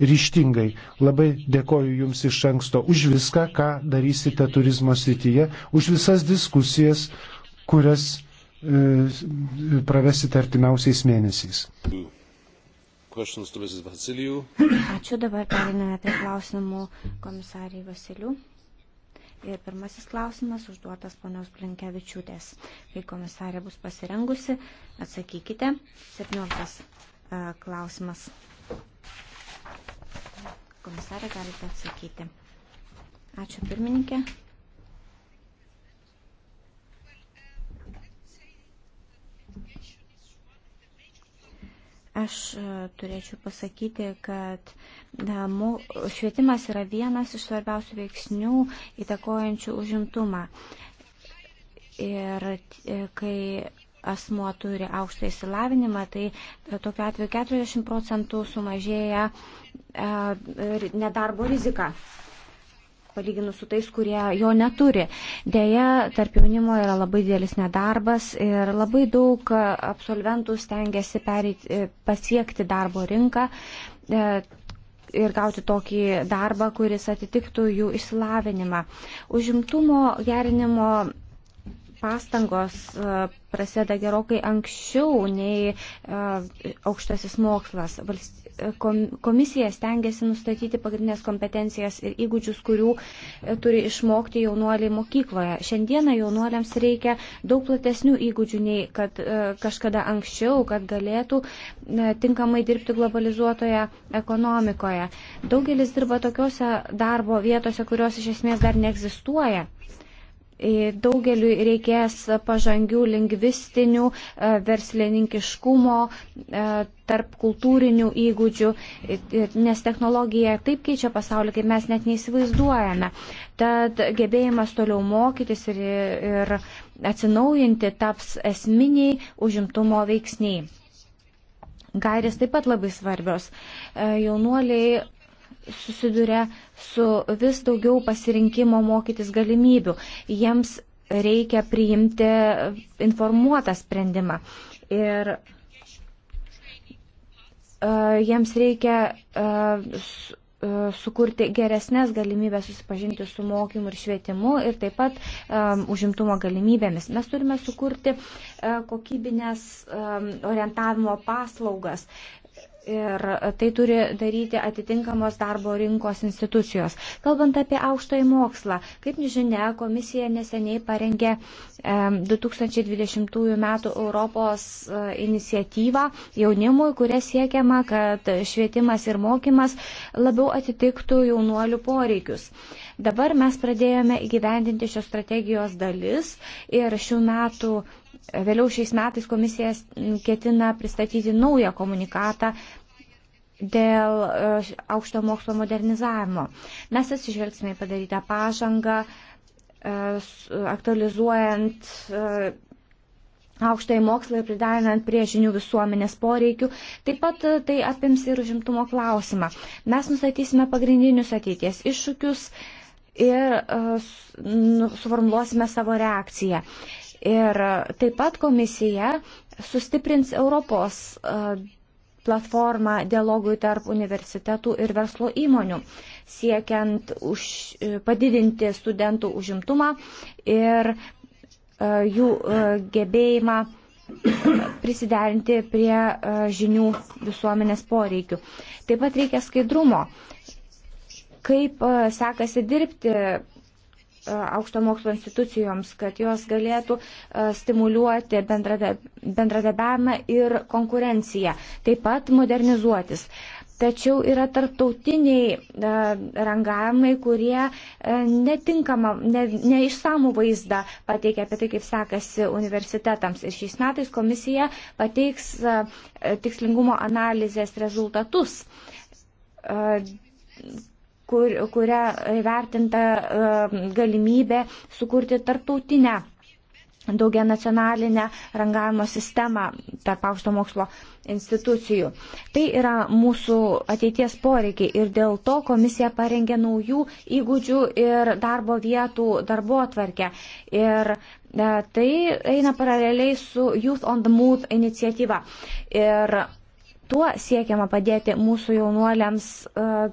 ryštingai. Labai dėkoju Jums iš anksto už viską, ką darysite turizmo srityje, už visas diskusijas, kurias e, pravesite artimiausiais mėnesiais. Ačiū dabar periname prie klausimų komisariai Vasiliu. Ir pirmasis klausimas užduotas ponios Blinkevičiūtės. Kai komisarė bus pasirengusi, atsakykite. 17 e, klausimas komisarė, galite atsakyti. Ačiū pirmininkė. Aš e, turėčiau pasakyti, kad da, mū, švietimas yra vienas iš svarbiausių veiksnių įtakojančių užimtumą. Ir e, kai asmuo turi aukštą įsilavinimą, tai e, tokiu atveju 40 procentų sumažėja e, nedarbo rizika palyginus su tais, kurie jo neturi. Deja, tarp jaunimo yra labai didelis nedarbas ir labai daug absolventų stengiasi pereiti, e, pasiekti darbo rinką ir gauti tokį darbą, kuris atitiktų jų išsilavinimą. Užimtumo gerinimo pastangos e, prasideda gerokai anksčiau nei e, aukštasis mokslas. E, komisija stengiasi nustatyti pagrindinės kompetencijas ir įgūdžius, kurių turi išmokti jaunuoliai mokykloje. Šiandieną jaunuoliams reikia daug platesnių įgūdžių nei kad kažkada anksčiau, kad galėtų tinkamai dirbti globalizuotoje ekonomikoje. Daugelis dirba tokiuose darbo vietose, kurios iš esmės dar neegzistuoja. Daugeliu reikės pažangių lingvistinių, e, verslininkiškumo, e, tarp kultūrinių įgūdžių, nes technologija taip keičia pasaulį, kaip mes net neįsivaizduojame. Tad gebėjimas toliau mokytis ir, ir atsinaujinti taps esminiai užimtumo veiksniai. Gairės taip pat labai svarbios. E, jaunuoliai susiduria su vis daugiau pasirinkimo mokytis galimybių. Jiems reikia priimti informuotą sprendimą. Ir uh, jiems reikia uh, sukurti geresnės galimybės susipažinti su mokymu ir švietimu ir taip pat um, užimtumo galimybėmis. Mes turime sukurti uh, kokybinės um, orientavimo paslaugas. Ir tai turi daryti atitinkamos darbo rinkos institucijos. Kalbant apie aukštąjį mokslą, kaip žinia, komisija neseniai parengė 2020 m. Europos e, iniciatyvą jaunimui, kuria siekiama, kad švietimas ir mokymas labiau atitiktų jaunuolių poreikius. Dabar mes pradėjome įgyvendinti šios strategijos dalis ir šių metų Vėliau šiais metais komisija ketina pristatyti naują komunikatą dėl e, aukšto mokslo modernizavimo. Mes atsižvelgsime į padarytą pažangą, e, aktualizuojant e, aukštąjį mokslą ir pridarinant prie žinių visuomenės poreikių. Taip pat tai apims ir užimtumo klausimą. Mes nustatysime pagrindinius ateities iššūkius ir suformuluosime savo reakciją. Ir taip pat komisija sustiprins Europos e, platformą dialogui tarp universitetų ir verslo įmonių, siekiant už, e, padidinti studentų užimtumą ir e, jų gebėjimą prisiderinti prie žinių visuomenės poreikių. Taip pat reikia skaidrumo, kaip sekasi dirbti E, aukšto mokslo institucijoms, kad jos galėtų e, stimuliuoti bendradarbiavimą ir konkurenciją, taip pat modernizuotis. Tačiau yra tarptautiniai e, rangavimai, kurie netinkamą, ne, neišsamų vaizdą pateikia apie tai, kaip sekasi universitetams. Ir šiais metais komisija pateiks tikslingumo analizės rezultatus kur, kuria įvertinta e, galimybė sukurti tarptautinę daugia nacionalinę rangavimo sistemą tarp aukšto mokslo institucijų. Tai yra mūsų ateities poreikiai ir dėl to komisija parengė naujų įgūdžių ir darbo vietų darbo atvarkę. Ir e, tai eina paraleliai su Youth on the Move iniciatyva. Ir tuo siekiama padėti mūsų jaunuoliams. Uh,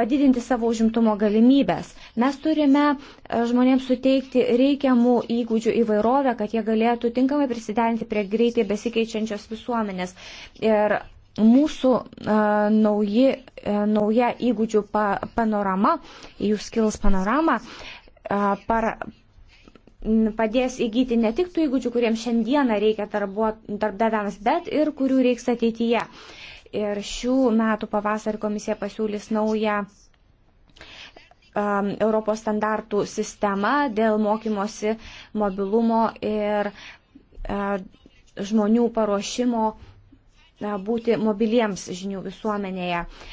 padidinti savo užimtumo galimybės. Mes turime e, žmonėms suteikti reikiamų įgūdžių įvairovę, kad jie galėtų tinkamai prisidengti prie greitai besikeičiančios visuomenės. Ir mūsų uh, nauji, uh, nauja įgūdžių pa, panorama, jų skills panorama, uh, para, padės įgyti ne tik tų įgūdžių, kuriems šiandieną reikia darbuot, darbdaviams, bet ir kurių reiks ateityje. Uh, Ir šių metų pavasarį komisija pasiūlys naują um, Europos standartų sistemą dėl mokymosi mobilumo ir uh, žmonių paruošimo uh, būti mobiliems žinių visuomenėje. Uh,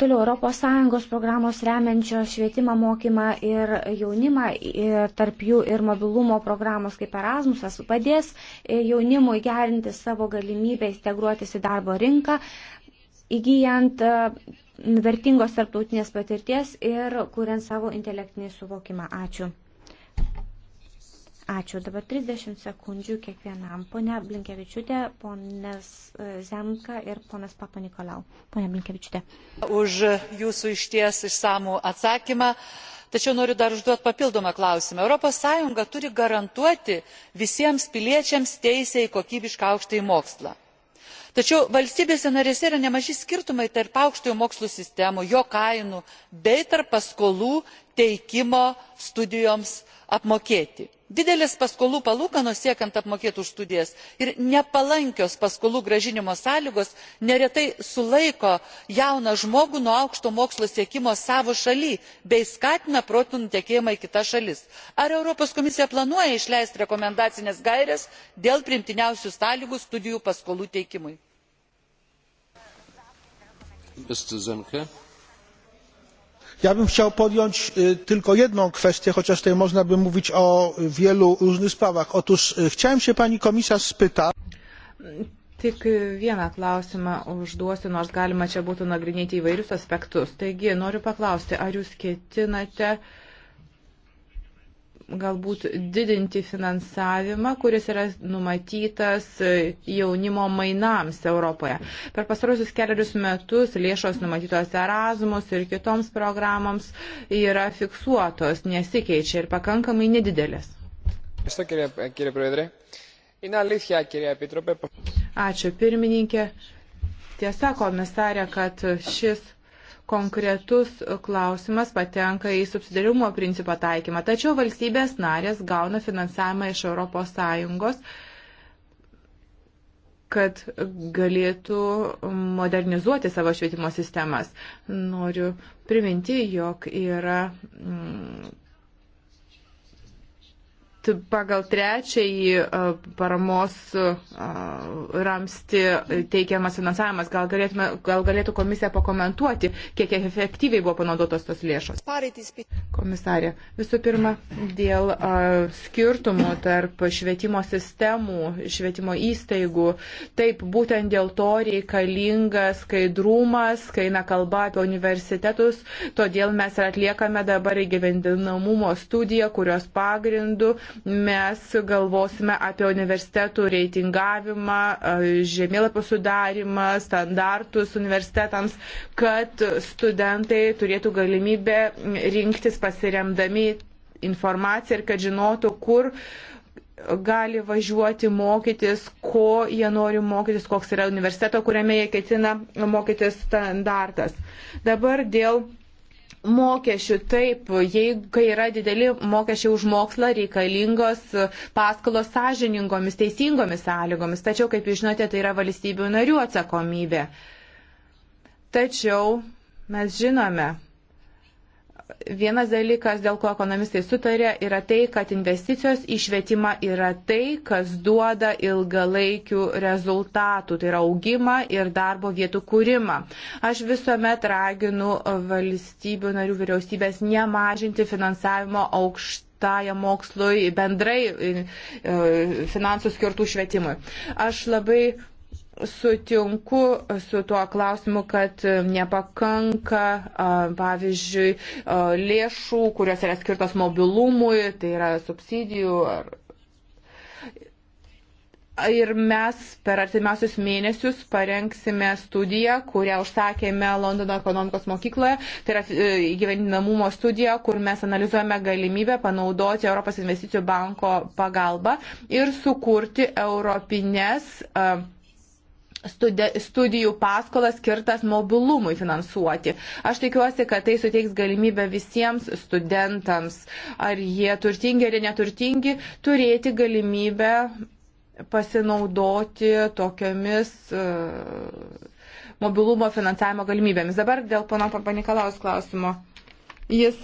Toliau ES programos remiančios švietimą, mokymą ir jaunimą, ir tarp jų ir mobilumo programos kaip Erasmusas padės jaunimui gerinti savo galimybę įstegruotis į darbo rinką, įgyjant e, vertingos tarptautinės patirties ir kuriant savo intelektinį suvokimą. Ačiū. Ačiū. Dabar 30 sekundžių kiekvienam. Pone Blinkevičiūtė, ponas e, Zemka ir ponas Papa Nikolau. Pone Blinkevičiūtė. Už jūsų išties išsamų atsakymą. Tačiau noriu dar užduoti papildomą klausimą. ES turi garantuoti visiems piliečiams teisę į kokybišką aukštąjį mokslą tačiau valstybėse narėse yra nemaži skirtumai tarp aukštojo mokslo sistemų jo kainų bei tarp paskolų teikimo studijoms apmokėti didelės paskolų palūkanos siekiant apmokėti už studijas ir nepalankios paskolų grąžinimo sąlygos neretai sulaiko jauną žmogų nuo aukšto mokslo siekimo savo šalyje bei skatina protų nutekėjimą į kitas šalis. ar europos komisija planuoja išleisti rekomendacines gaires dėl priimtiniausių sąlygų studijų paskolų teikimui? ja bym chciał podjąć tylko jedną kwestię chociaż tutaj można by mówić o wielu różnych sprawach. otóż chciałem się pani komisarz spytać Tik vieną klausimą užduosiu, nors galima čia būtų nagrinėti įvairius aspektus. Taigi, noriu paklausti, ar jūs ketinate uh, galbūt didinti finansavimą, kuris yra numatytas jaunimo mainams Europoje. Per pastarosius keliarius metus lėšos numatytos Erasmus ir kitoms programoms yra fiksuotos, nesikeičia ir pakankamai nedidelės. Ačiū pirmininkė. Tiesa, komisarė, kad šis konkretus klausimas patenka į subsidiarumo principą taikymą. Tačiau valstybės narės gauna finansavimą iš ES kad galėtų modernizuoti savo švietimo sistemas. Noriu priminti, jog yra mm, pagal trečiąjį paramos ramsti teikiamas finansavimas. Gal, galėtume, gal galėtų komisija pakomentuoti, kiek efektyviai buvo panaudotos tos lėšos? Komisarė, visų pirma, dėl skirtumų tarp švietimo sistemų, švietimo įstaigų. Taip, būtent dėl to reikalingas skaidrumas, kai eina kalba apie universitetus. Todėl mes atliekame dabar įgyvendinamumo studiją, kurios pagrindu Mes galvosime apie universitetų reitingavimą, e, žemėlapio sudarimą, standartus universitetams, kad studentai turėtų galimybę rinktis pasiremdami informaciją ir kad žinotų, kur gali važiuoti mokytis, ko jie nori mokytis, koks yra universiteto, kuriame jie ketina mokytis standartas. Dabar dėl mokesčių. Taip, jeigu kai yra dideli mokesčiai už mokslą, reikalingos paskolos sąžiningomis, teisingomis sąlygomis. Tačiau, kaip jūs žinote, tai yra valstybių narių atsakomybė. Tačiau mes žinome, Vienas dalykas, dėl ko ekonomistai sutarė, yra tai, kad investicijos į švietimą yra tai, kas duoda ilgalaikių rezultatų, tai yra augimą ir darbo vietų kūrimą. Aš visuomet raginu valstybių narių vyriausybės nemažinti finansavimo aukštą aukštajam mokslui, bendrai e, e, finansų skirtų švietimui. Aš labai sutinku su tuo klausimu, kad nepakanka, pavyzdžiui, lėšų, kurios yra skirtos mobilumui, tai yra subsidijų. Ar... Ir mes per artimiausius mėnesius parengsime studiją, kurią užsakėme Londono ekonomikos mokykloje. Tai yra e, įgyvendinamumo studija, kur mes analizuojame galimybę panaudoti Europos investicijų banko pagalbą ir sukurti europinės uh, studijų paskolas skirtas mobilumui finansuoti. Aš tikiuosi, kad tai suteiks galimybę visiems studentams, ar jie turtingi ar neturtingi, turėti galimybę pasinaudoti tokiamis e, mobilumo finansavimo galimybėmis. Dabar dėl pono Papanikalaus klausimo. Jis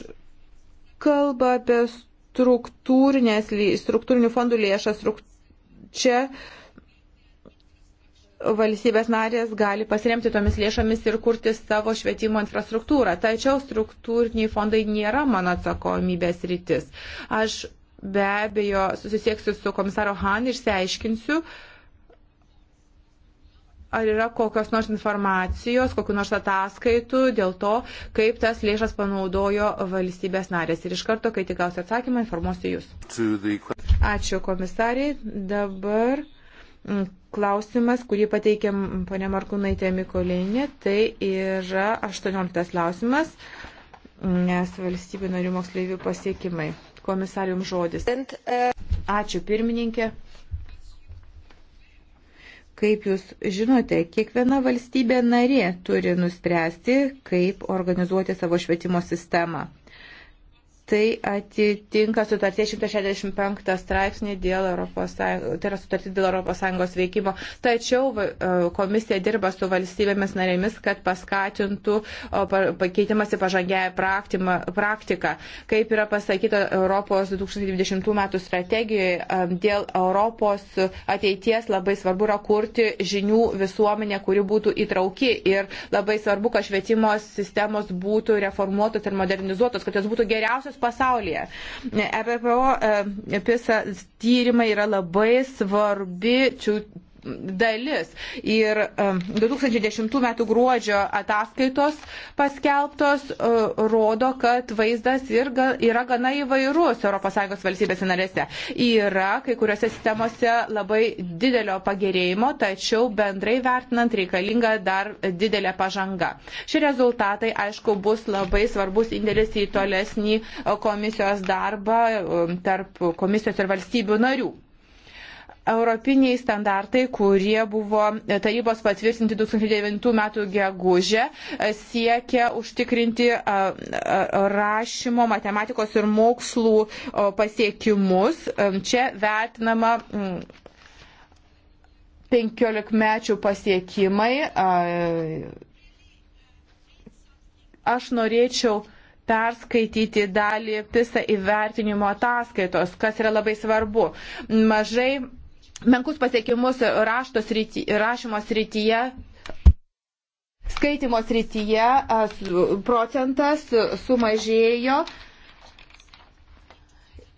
kalba apie struktūrinės, struktūrinių fondų lėšas. Strukt... Čia uh, valstybės narės gali pasiremti tomis lėšomis ir kurti savo švietimo infrastruktūrą. Tačiau struktūriniai fondai nėra mano atsakomybės rytis. Aš be abejo susisieksiu su komisaro Han ir išsiaiškinsiu, ar yra kokios nors informacijos, kokiu nors ataskaitų dėl to, kaip tas lėšas panaudojo valstybės narės. Ir iš karto, kai tik gausiu atsakymą, informuosiu Jūs. The... Ačiū komisariai. Dabar mm, klausimas, kurį pateikė ponė Markunaitė Mikolinė, tai yra 18 klausimas, nes valstybių narių moksleivių pasiekimai. Komisarium žodis. Ačiū pirmininkė. Kaip jūs žinote, kiekviena valstybė narė turi nuspręsti, kaip organizuoti savo švietimo sistemą tai atitinka sutarties 165 straipsnį dėl Europos, tai yra sutartį dėl ES veikimo. Tačiau e, komisija dirba su valstybėmis narėmis, kad paskatintų pakeitimąsi pažangiai praktiką. Kaip yra pasakyta Europos 2020 metų strategijoje, e, dėl Europos ateities labai svarbu yra kurti žinių visuomenę, kuri būtų įtrauki ir labai svarbu, kad švietimo sistemos būtų reformuotos ir modernizuotos, kad jos būtų geriausios lyderius pasaulyje. EPPO e e, PISA tyrimai yra labai svarbi dalis. Ir 2010 m. gruodžio ataskaitos paskelbtos e, rodo, kad vaizdas yra gana įvairus ES valstybėse narėse. Yra kai kuriuose sistemose labai didelio pagerėjimo, tačiau bendrai vertinant reikalinga dar didelė pažanga. Šie rezultatai, aišku, bus labai svarbus indėlis į tolesnį e, komisijos darbą e, tarp komisijos ir valstybių narių europiniai standartai, kurie buvo tarybos patvirtinti 2009 m. gegužę, siekia užtikrinti rašymo, matematikos ir mokslų pasiekimus. Čia vertinama 15 mečių pasiekimai. Aš norėčiau perskaityti dalį PISA įvertinimo ataskaitos, kas yra labai svarbu. Mažai menkus pasiekimus ryti, rašymo srityje, skaitimo srityje procentas sumažėjo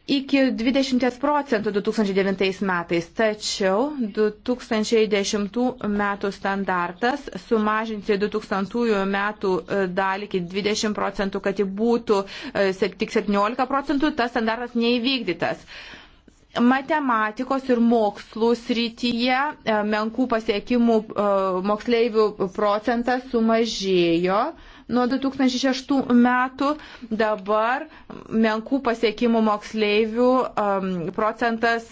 iki 20 procentų 2009 metais, tačiau 2010 metų standartas sumažinti 2000 metų dalį iki 20 procentų, kad ji būtų tik 17 procentų, tas standartas neįvykdytas matematikos ir mokslų srityje e, menkų pasiekimų e, moksleivių procentas sumažėjo nuo 2006 metų. Dabar menkų pasiekimų moksleivių e, procentas,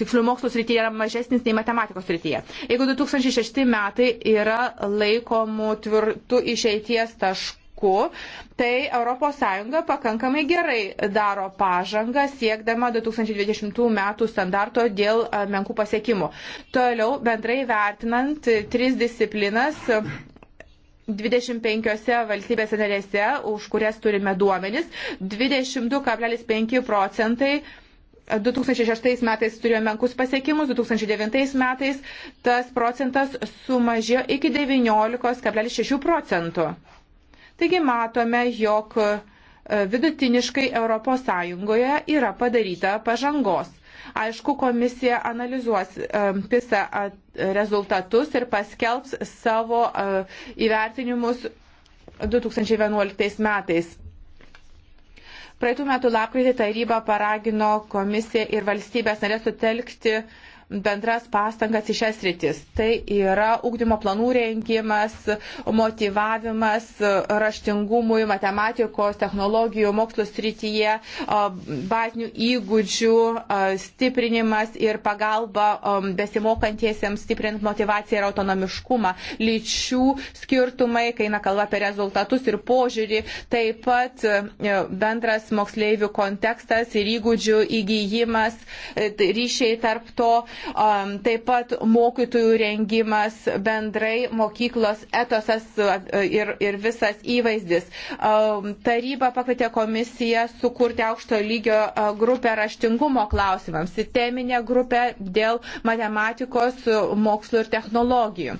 tiksliau, mokslo srityje yra mažesnis nei matematikos srityje. Jeigu 2006 metai yra laikomų tvirtų išeities taškų, laiku, tai ES pakankamai gerai daro pažangą siekdama 2020 metų standarto dėl e, menkų pasiekimų. Toliau bendrai vertinant tris disciplinas 25 valstybėse narėse, už kurias turime duomenis, 22,5 procentai 2006 metais turėjo menkus pasiekimus, 2009 metais tas procentas sumažėjo iki 19,6 procentų. Taigi matome, jog e, vidutiniškai ES yra padaryta pažangos. Aišku, komisija analizuos PISA e, rezultatus ir paskelbs savo e, įvertinimus 2011 metais. Praeitų metų lapkritį taryba paragino komisiją ir valstybės narės sutelkti uh, bendras pastangas į šias rytis. Tai yra ūkdymo planų rengimas, motivavimas raštingumui, matematikos, technologijų, mokslo srityje, bazinių įgūdžių stiprinimas ir pagalba besimokantiesiems stiprinant motivaciją ir autonomiškumą, lyčių skirtumai, kai eina kalba apie rezultatus ir požiūrį, taip pat bendras moksleivių kontekstas ir įgūdžių įgyjimas, ryšiai tarp to, taip pat mokytojų rengimas, bendrai mokyklos etosas ir, ir visas įvaizdis. Taryba pakvietė komisiją sukurti aukšto lygio grupę raštingumo klausimams, teminę grupę dėl matematikos, mokslo ir technologijų.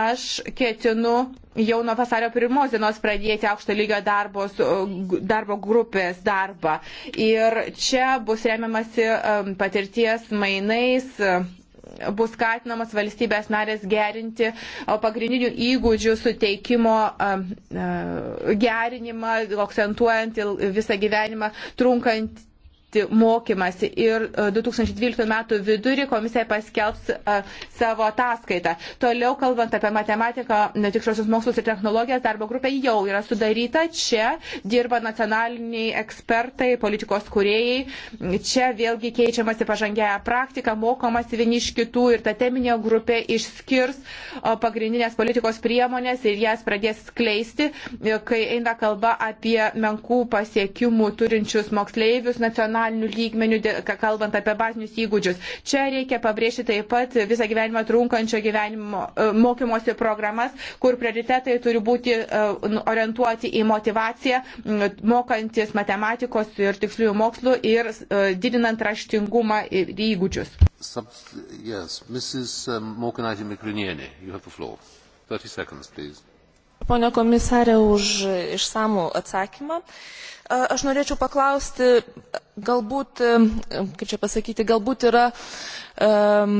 Aš ketinu jau nuo vasario pirmos dienos pradėti aukšto lygio darbos, darbo grupės darbą. Ir čia bus remiamasi patirties mainais e, bus skatinamas valstybės narės gerinti pagrindinių įgūdžių suteikimo e, gerinimą, akcentuojant visą gyvenimą trunkant tęsti mokymasi ir 2012 e, metų vidurį komisija paskelbs e, savo ataskaitą. Toliau kalbant apie matematiką, netiksliosius mokslus ir technologijas, darbo grupė jau yra sudaryta, čia dirba nacionaliniai ekspertai, politikos kuriejai, čia vėlgi keičiamasi pažangiaja praktika, mokomasi vieni iš kitų ir ta teminė grupė išskirs e, pagrindinės politikos priemonės ir jas pradės skleisti, kai eina kalba apie menkų pasiekimų turinčius moksleivius nacionalinius nacionaliniu lygmeniu, kalbant apie bazinius įgūdžius. Čia reikia pabrėžti taip pat visą gyvenimą trunkančio gyvenimo e, mokymosi programas, kur prioritetai turi būti e, orientuoti į motivaciją, mokantis matematikos ir tiksliųjų mokslų ir e, didinant raštingumą ir įgūdžius. Sub, yes, Mrs. Um, Mokinatė Mikrinienė, you have the floor. 30 seconds, please. Pone komisarė, už išsamų atsakymą. Uh, Aš norėčiau paklausti, galbūt, kaip čia pasakyti, galbūt yra um,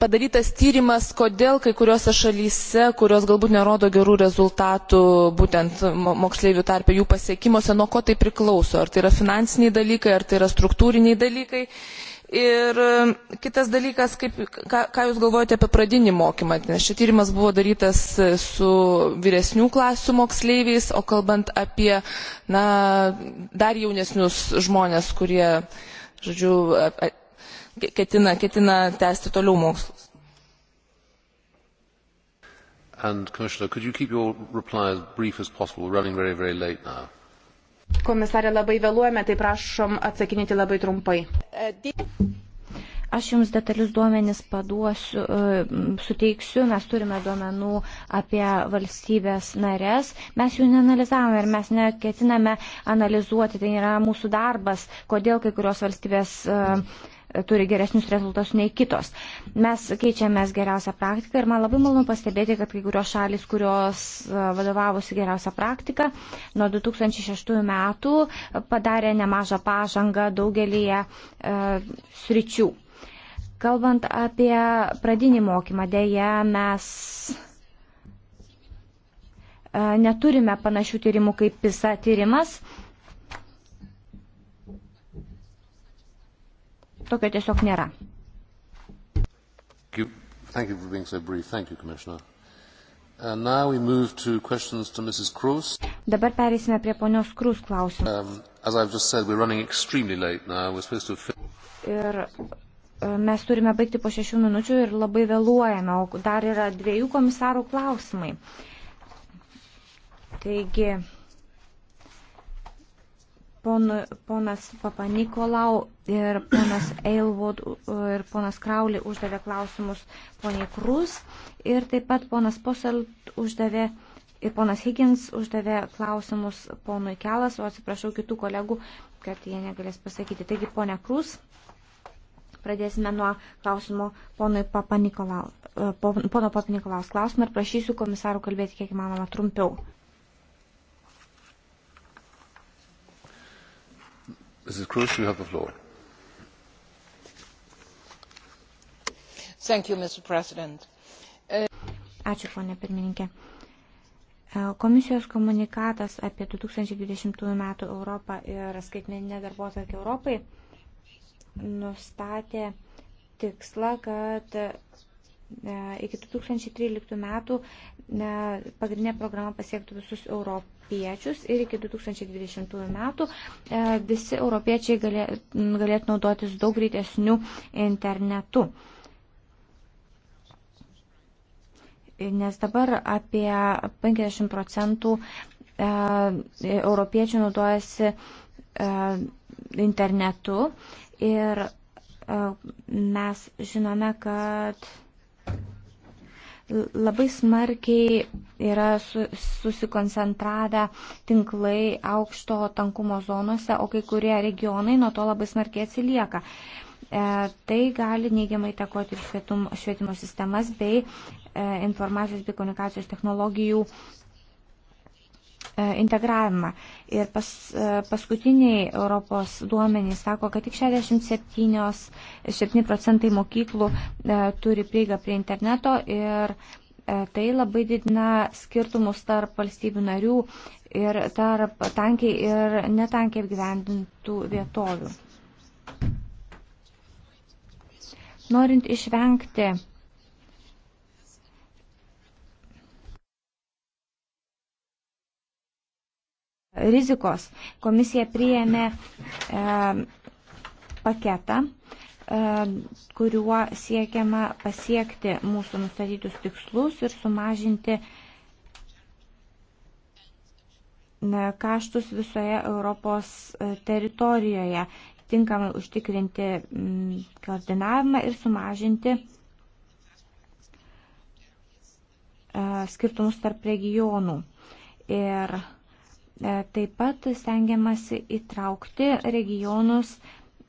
padarytas tyrimas, kodėl kai kuriuose šalyse, kurios galbūt nerodo gerų rezultatų būtent moksleivių tarpe jų pasiekimuose, nuo ko tai priklauso. Ar tai yra finansiniai dalykai, ar tai yra struktūriniai dalykai. Uh, Ir um, kitas dalykas, kaip, ką, ką Jūs galvojate apie pradinį mokymą, nes šis tyrimas buvo darytas e, su vyresnių klasių moksleiviais, o kalbant apie na, dar jaunesnius žmonės, kurie, žodžiu, ketina, ketina tęsti toliau mokslus. And Commissioner, could you keep your reply as brief as possible? We're running very, very late now. Komisarė, labai vėluojame, tai prašom atsakinėti labai trumpai. Aš jums detalius duomenis paduosiu, e, suteiksiu, mes turime duomenų apie valstybės narės, mes jų neanalizavome ir mes neketiname analizuoti, tai yra mūsų darbas, kodėl kai kurios valstybės. Uh, turi geresnius rezultatus nei kitos. Mes keičiamės geriausią praktiką ir man labai malonu pastebėti, kad kai kurios šalis, kurios e, vadovavosi geriausią praktiką, nuo 2006 metų padarė nemažą pažangą daugelįje e, sričių. Kalbant apie pradinį mokymą, dėje mes e, neturime panašių tyrimų kaip PISA tyrimas. E, tokio tiesiog nėra. Thank you for being so brief. Thank you, Commissioner. And uh, now we move to questions to Mrs. Cruz. Dabar pereisime prie ponios Cruz klausimų. Um, as I've just said, we're running extremely late now. We're supposed to... Ir uh, mes turime baigti po šešių minučių ir labai vėluojame, o dar yra dviejų komisarų klausimai. Taigi, pon, ponas Papa Nikolau ir ponas Eilvod ir ponas Krauli uždavė klausimus poniai Krus ir taip pat ponas Poselt uždavė ir ponas Higgins uždavė klausimus ponui Kelas, o atsiprašau kitų kolegų, kad jie negalės pasakyti. Taigi, ponia Krus, pradėsime nuo klausimo ponui Papa Nikolau, e, pono Papa Nikolaus klausimą ir prašysiu komisarų kalbėti kiek įmanoma trumpiau. Mrs. Cruz, you have the floor. Thank you, Mr. President. Uh, Ačiū, ponė pirmininkė. Uh, komisijos komunikatas apie 2020 m. Europą ir skaitmeninę darbotvarkę Europai nustatė tikslą, kad E, iki 2013 metų e, pagrindinė programa pasiektų visus europiečius ir iki 2020 metų e, visi europiečiai galėtų naudotis daug greitesnių internetu. Nes dabar apie 50 procentų europiečių naudojasi internetu ir mes žinome, kad labai smarkiai yra susikoncentravę tinklai aukšto tankumo zonose, o kai kurie regionai nuo to labai smarkiai atsilieka. E, tai gali neigiamai takoti švietimo sistemas bei e, informacijos bei komunikacijos technologijų E, integravimą. Ir pas, e, paskutiniai Europos duomenys sako, kad tik 67 procentai mokyklų e, turi prieigą prie interneto ir tai labai didina skirtumus tarp valstybių narių ir tarp tankiai ir netankiai apgyvendintų vietovių. Norint išvengti rizikos. Komisija priėmė e, paketą, e, kuriuo siekiama pasiekti mūsų nustatytus tikslus ir sumažinti e, kaštus visoje Europos e, teritorijoje, tinkamai užtikrinti koordinavimą ir sumažinti e, skirtumus tarp regionų. Ir E, taip pat stengiamasi įtraukti regionus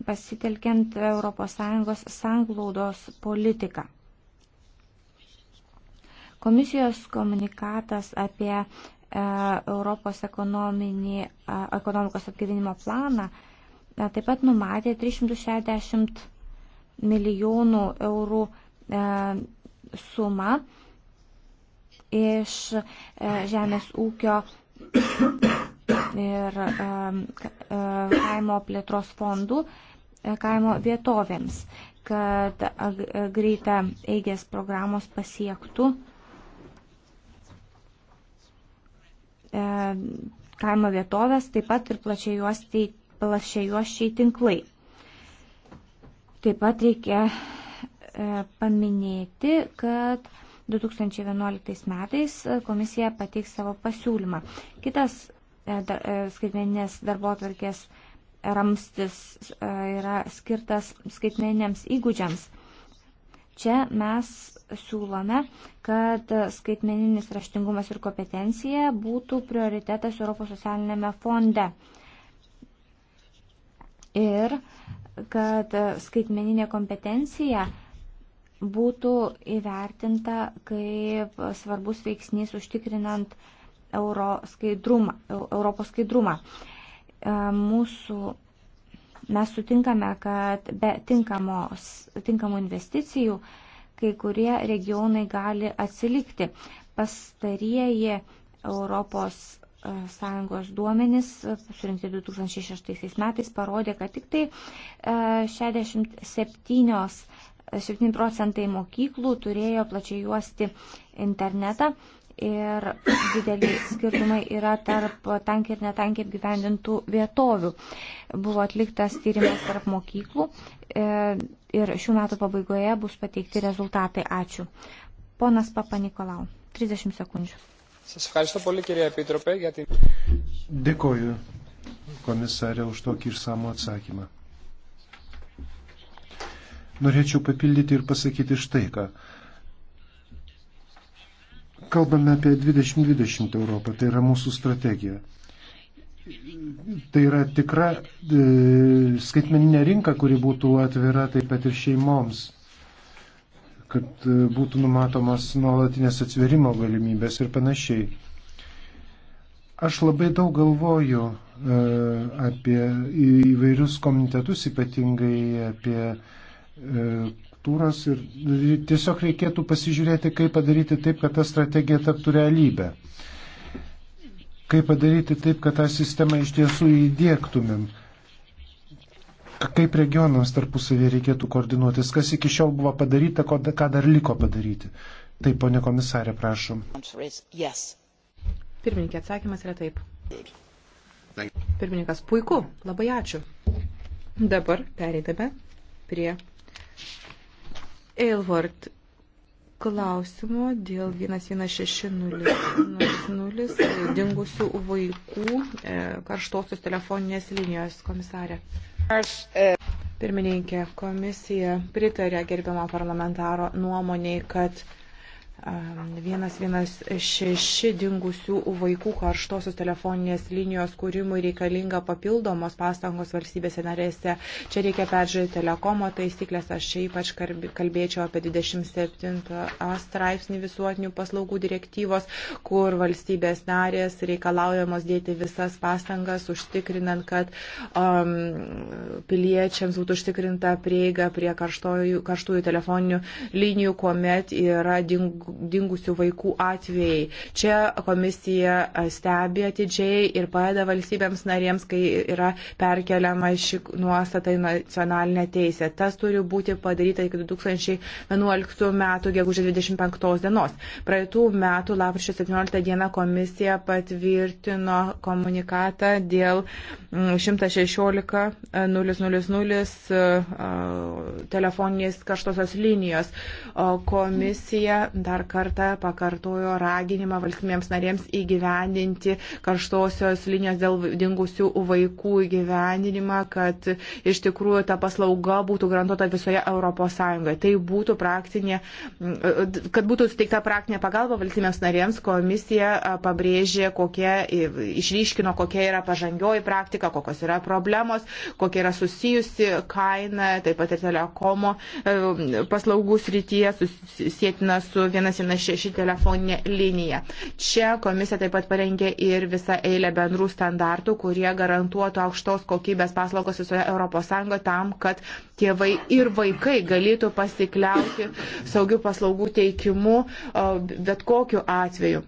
pasitelkiant ES sanglaudos politiką. Komisijos komunikatas apie e, Europos e, ekonomikos atgyvinimo planą taip pat numatė 360 milijonų eurų sumą iš žemės ūkio ir kaimo plėtros fondų e, kaimo vietovėms, kad e, greita eigės programos pasiektų e, kaimo vietovės, taip pat ir plačiai juos šiai tinklai. Taip pat reikia paminėti, kad 2011 metais komisija pateiks savo pasiūlymą. Kitas e, e, skaitmeninės darbo atvarkės ramstis e, yra skirtas skaitmeniniams įgūdžiams. Čia mes siūlome, kad skaitmeninis raštingumas ir kompetencija būtų prioritetas Europos socialinėme fonde. Ir kad skaitmeninė kompetencija būtų įvertinta kaip svarbus veiksnys užtikrinant euro skaidrumą, Europos skaidrumą. E, mūsų, mes sutinkame, kad be tinkamos, tinkamų investicijų kai kurie regionai gali atsilikti. Pastarieji Europos e, sąjungos duomenys, e, surinkti 2006 metais, parodė, kad tik tai 67 7 procentai mokyklų turėjo plačiai juosti internetą ir dideliai skirtumai yra tarp tankiai ir netankiai apgyvendintų vietovių. Buvo atliktas tyrimas tarp mokyklų e, ir šių metų pabaigoje bus pateikti rezultatai. Ačiū. Ponas Papa Nikolau, 30 sekundžių. Dėkoju komisarė už tokį išsamų atsakymą. Norėčiau papildyti ir pasakyti štai ką. Kalbame apie 2020 Europą, tai yra mūsų strategija. Tai yra tikra e, skaitmeninė rinka, kuri būtų atvira taip pat ir šeimoms, kad e, būtų numatomas nuolatinės atsverimo galimybės ir panašiai. Aš labai daug galvoju e, apie įvairius komitetus, ypatingai apie e, E, turas ir tiesiog reikėtų pasižiūrėti, kaip padaryti taip, kad ta strategija taptų realybę. Kaip padaryti taip, kad tą sistemą iš tiesų įdėktumėm. Kaip regionams tarpusavį reikėtų koordinuotis, kas iki šiol buvo padaryta, ką dar liko padaryti. Taip, ponė komisarė, prašom. Pirmininkė, atsakymas yra taip. Pirmininkas, puiku, labai ačiū. Dabar pereitame prie Aylward klausimų dėl 1160 dingusių vaikų e, karštosios telefoninės linijos komisarė. Pirmininkė, komisija pritarė gerbiamo parlamentaro nuomoniai, kad 116 dingusių vaikų karštosios telefoninės linijos kūrimui reikalinga papildomos pastangos valstybėse narėse. Čia reikia peržiūrėti telekomo taisyklės, aš čia ypač kalbėčiau apie 27 straipsnį visuotinių paslaugų direktyvos, kur valstybės narės reikalaujamos dėti visas pastangas, užtikrinant, kad um, piliečiams būtų užtikrinta prieiga prie karštojų, karštųjų telefoninių linijų, kuomet yra dingusių dingusių vaikų atvejai. Čia komisija stebi atidžiai ir padeda valstybėms narėms, kai yra perkeliama ši nuostata į nacionalinę teisę. Tas turi būti padaryta iki 2011 metų gegužės 25 dienos. Praeitų metų lapkričio 17 dieną komisija patvirtino komunikatą dėl 116.000 mm, telefoninės karštosios linijos. Komisija dar dar kartą pakartojo raginimą valstybėms narėms įgyvendinti karštosios linijos dėl dingusių vaikų įgyvendinimą, kad iš tikrųjų ta paslauga būtų garantuota visoje ES. Tai būtų praktinė, kad būtų suteikta praktinė pagalba valstybėms narėms, komisija pabrėžė, kokie, išryškino, kokia yra pažangioji praktika, kokios yra problemos, kokia yra susijusi kaina, taip pat ir telekomo e, paslaugų srityje susisėtina su viena 116 telefoninė linija. Čia komisija taip pat parengė ir visą eilę bendrų standartų, kurie garantuotų aukštos kokybės paslaugos visoje ES tam, kad tėvai ir vaikai galėtų pasikliauti saugių paslaugų teikimu bet kokiu atveju.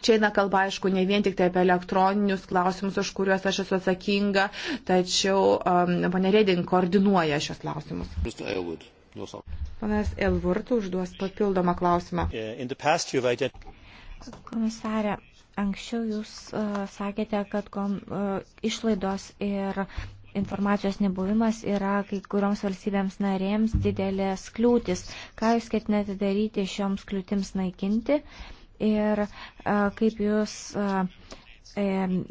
Čia eina kalba, aišku, ne vien tik tai apie elektroninius klausimus, už kuriuos aš esu atsakinga, tačiau um, ponė Redin koordinuoja šios klausimus. Mr. Elwood. Panas Elvurtų užduos papildomą klausimą. Uh, Komisarė, anksčiau jūs uh, sakėte, kad kom, uh, išlaidos ir informacijos nebuvimas yra kai kurioms valstybėms narėms didelės kliūtis. Ką jūs ketinate daryti šioms kliūtims naikinti ir uh, kaip jūs. Uh, E,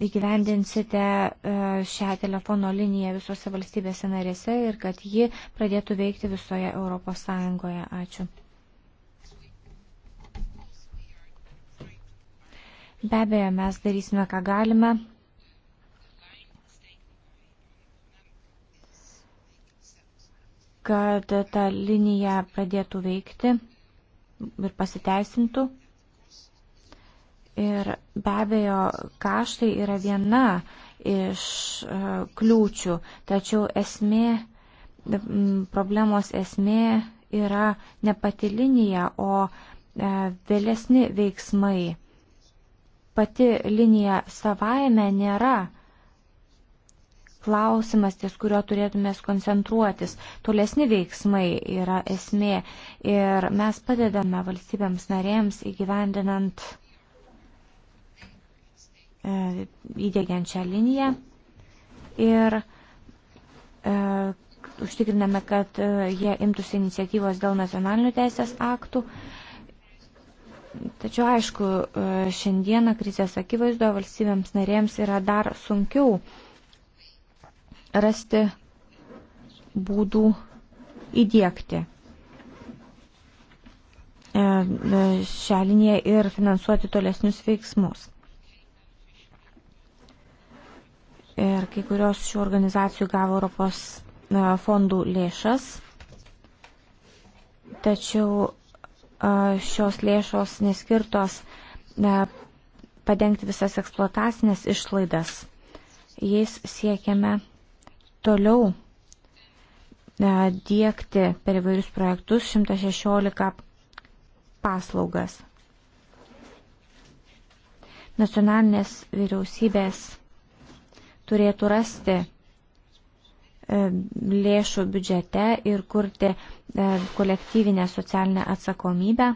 įgyvendinsite e, šią telefono liniją visose valstybėse narėse ir kad ji pradėtų veikti visoje Europos Sąjungoje. Ačiū. Be abejo, mes darysime, ką galime. kad ta linija pradėtų veikti ir pasiteisintų. Ir be abejo, kaštai yra viena iš e, kliūčių, tačiau esmė, problemos esmė yra ne pati linija, o e, vėlesni veiksmai. Pati linija savaime nėra klausimas, ties kurio turėtume koncentruotis. Tolesni veiksmai yra esmė ir mes padedame valstybėms narėms įgyvendinant uh, E, įdėgiant šią liniją ir e, užtikriname, kad e, jie imtųsi iniciatyvos dėl nacionalinių teisės aktų. Tačiau, aišku, šiandieną krizės akivaizdoje valstybėms narėms yra dar sunkiau rasti būdų įdėkti šią liniją ir finansuoti tolesnius veiksmus. ir kai kurios šių organizacijų gavo Europos e, fondų lėšas, tačiau e, šios lėšos neskirtos e, padengti visas eksploatacinės išlaidas. Jais siekiame toliau dėkti per įvairius projektus 116 paslaugas. Nacionalinės vyriausybės turėtų rasti e, lėšų biudžete ir kurti e, kolektyvinę socialinę atsakomybę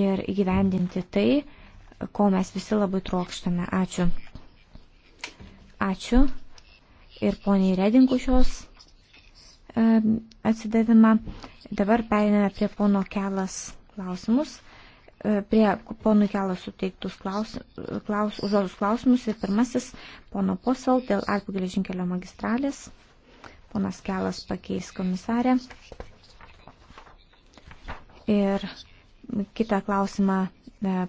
ir įgyvendinti tai, ko mes visi labai trokštame. Ačiū. Ačiū ir poniai Redinku šios e, atsidavimą. Dabar periname prie pono Kelas klausimus prie ponų kelio suteiktus klaus, klaus, užduotus klausimus. Ir pirmasis pono posal dėl Alpių geležinkelio magistralės. Ponas Kelas pakeis komisarę. Ir kitą klausimą e,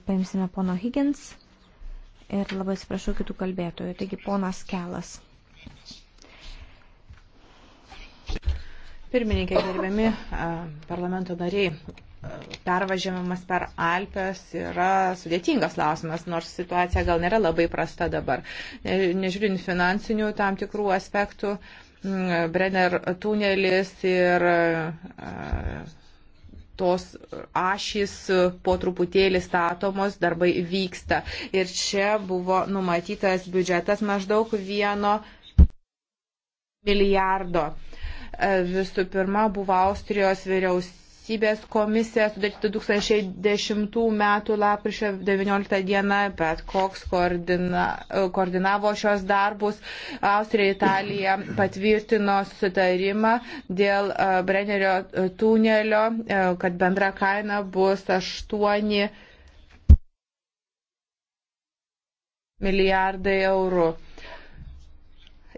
paimsime pono Higgins. Ir labai atsiprašau kitų kalbėtojų. Taigi ponas Kelas. Pirmininkė, gerbiami parlamento nariai, pervažiavimas per Alpes yra sudėtingas klausimas, nors situacija gal nėra labai prasta dabar. Nežiūrint finansinių tam tikrų aspektų, Brenner tunelis ir e, tos ašys po truputėlį statomos, darbai vyksta. Ir čia buvo numatytas biudžetas maždaug vieno milijardo. E, visų pirma, buvo Austrijos vyriausybė vyriausybės komisija sudaryta 2010 m. lapkričio 19 d. bet koks koordina, koordinavo šios darbus. Austrija ir Italija patvirtino sutarimą dėl e, Brennerio e, tunelio, e, kad bendra kaina bus 8 milijardai eurų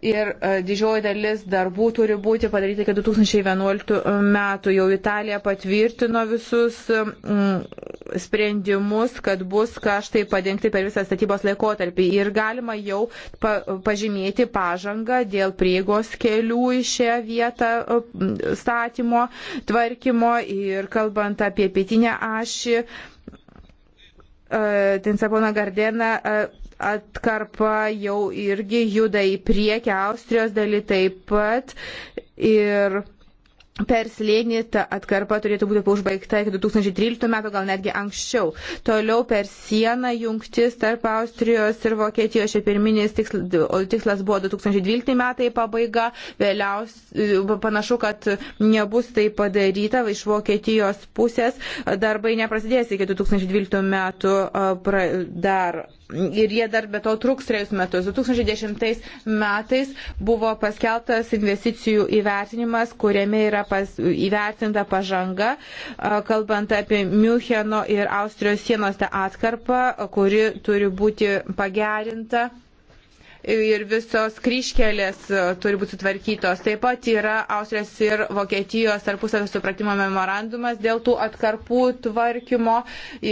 ir e, didžioji dalis darbų turi būti padaryti iki 2011 e, metų. Jau Italija patvirtino visus e, sprendimus, kad bus kaštai padengti per visą statybos laikotarpį. Ir galima jau pa pažymėti pažangą dėl prieigos kelių į šią vietą statymo, tvarkymo ir kalbant apie pietinę ašį. Tinsapona Gardena atkarpa jau irgi juda į priekį, Austrijos daly taip pat. Ir per slėnį ta atkarpa turėtų būti užbaigta iki 2013 metų, gal netgi anksčiau. Toliau per sieną jungtis tarp Austrijos ir Vokietijos, čia pirminis tikslas, tikslas buvo 2012 metai pabaiga, vėliaus e, panašu, kad nebus tai padaryta iš Vokietijos pusės, darbai neprasidės iki 2012 metų e, pra, dar ir jie dar be to truks trejus metus. 2010 metais buvo paskeltas investicijų įvertinimas, kuriame yra yra pas, įvertinta pažanga, kalbant apie Miuncheno ir Austrijos sienos tą atkarpą, kuri turi būti pagerinta ir visos kryškelės turi būti sutvarkytos. Taip pat yra Austrijos ir Vokietijos tarpusavio supratimo memorandumas dėl tų atkarpų tvarkymo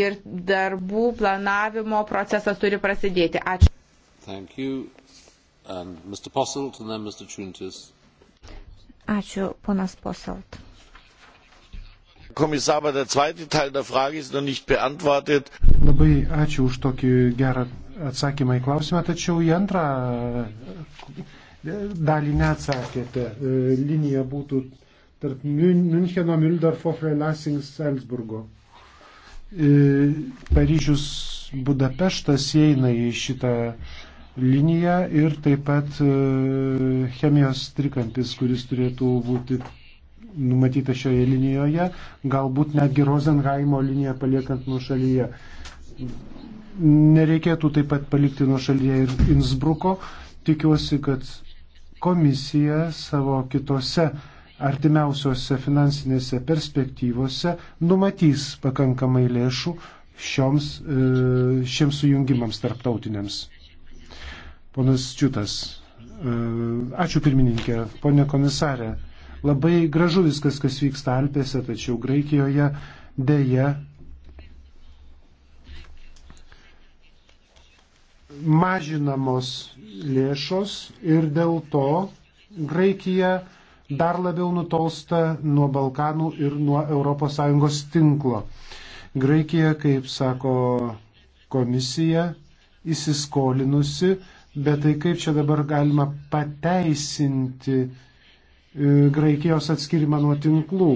ir darbų planavimo procesas turi prasidėti. Ačiū. Thank you. And Mr. Posselt and then Mr. Chuntis. Ačiū, ponas Poselt. Komisar, bet zweite teil der Frage ist noch nicht beantwortet. Labai ačiū už tokį gerą atsakymą į klausimą, tačiau į antrą e, dalį neatsakėte. E, linija būtų tarp Müncheno, Mildorfo, Frelasings, Salzburgo. E, Paryžius, Budapeštas įeina į šitą uh, linija ir taip pat e, chemijos trikampis, kuris turėtų būti numatyta šioje linijoje, galbūt netgi Rosenheimo liniją paliekant nuo šalyje. Nereikėtų taip pat palikti nuo šalyje ir Innsbruko. Tikiuosi, kad komisija savo kitose artimiausiose finansinėse perspektyvose numatys pakankamai lėšų šioms, e, šiems sujungimams tarptautiniams. Ponas Čiutas. E, ačiū pirmininkė, ponė komisarė. Labai gražu viskas, kas vyksta Alpėse, tačiau Graikijoje dėja mažinamos lėšos ir dėl to Graikija dar labiau nutolsta nuo Balkanų ir nuo ES tinklo. Graikija, kaip sako komisija, įsiskolinusi Bet tai kaip čia dabar galima pateisinti e, Graikijos atskirimą nuo tinklų?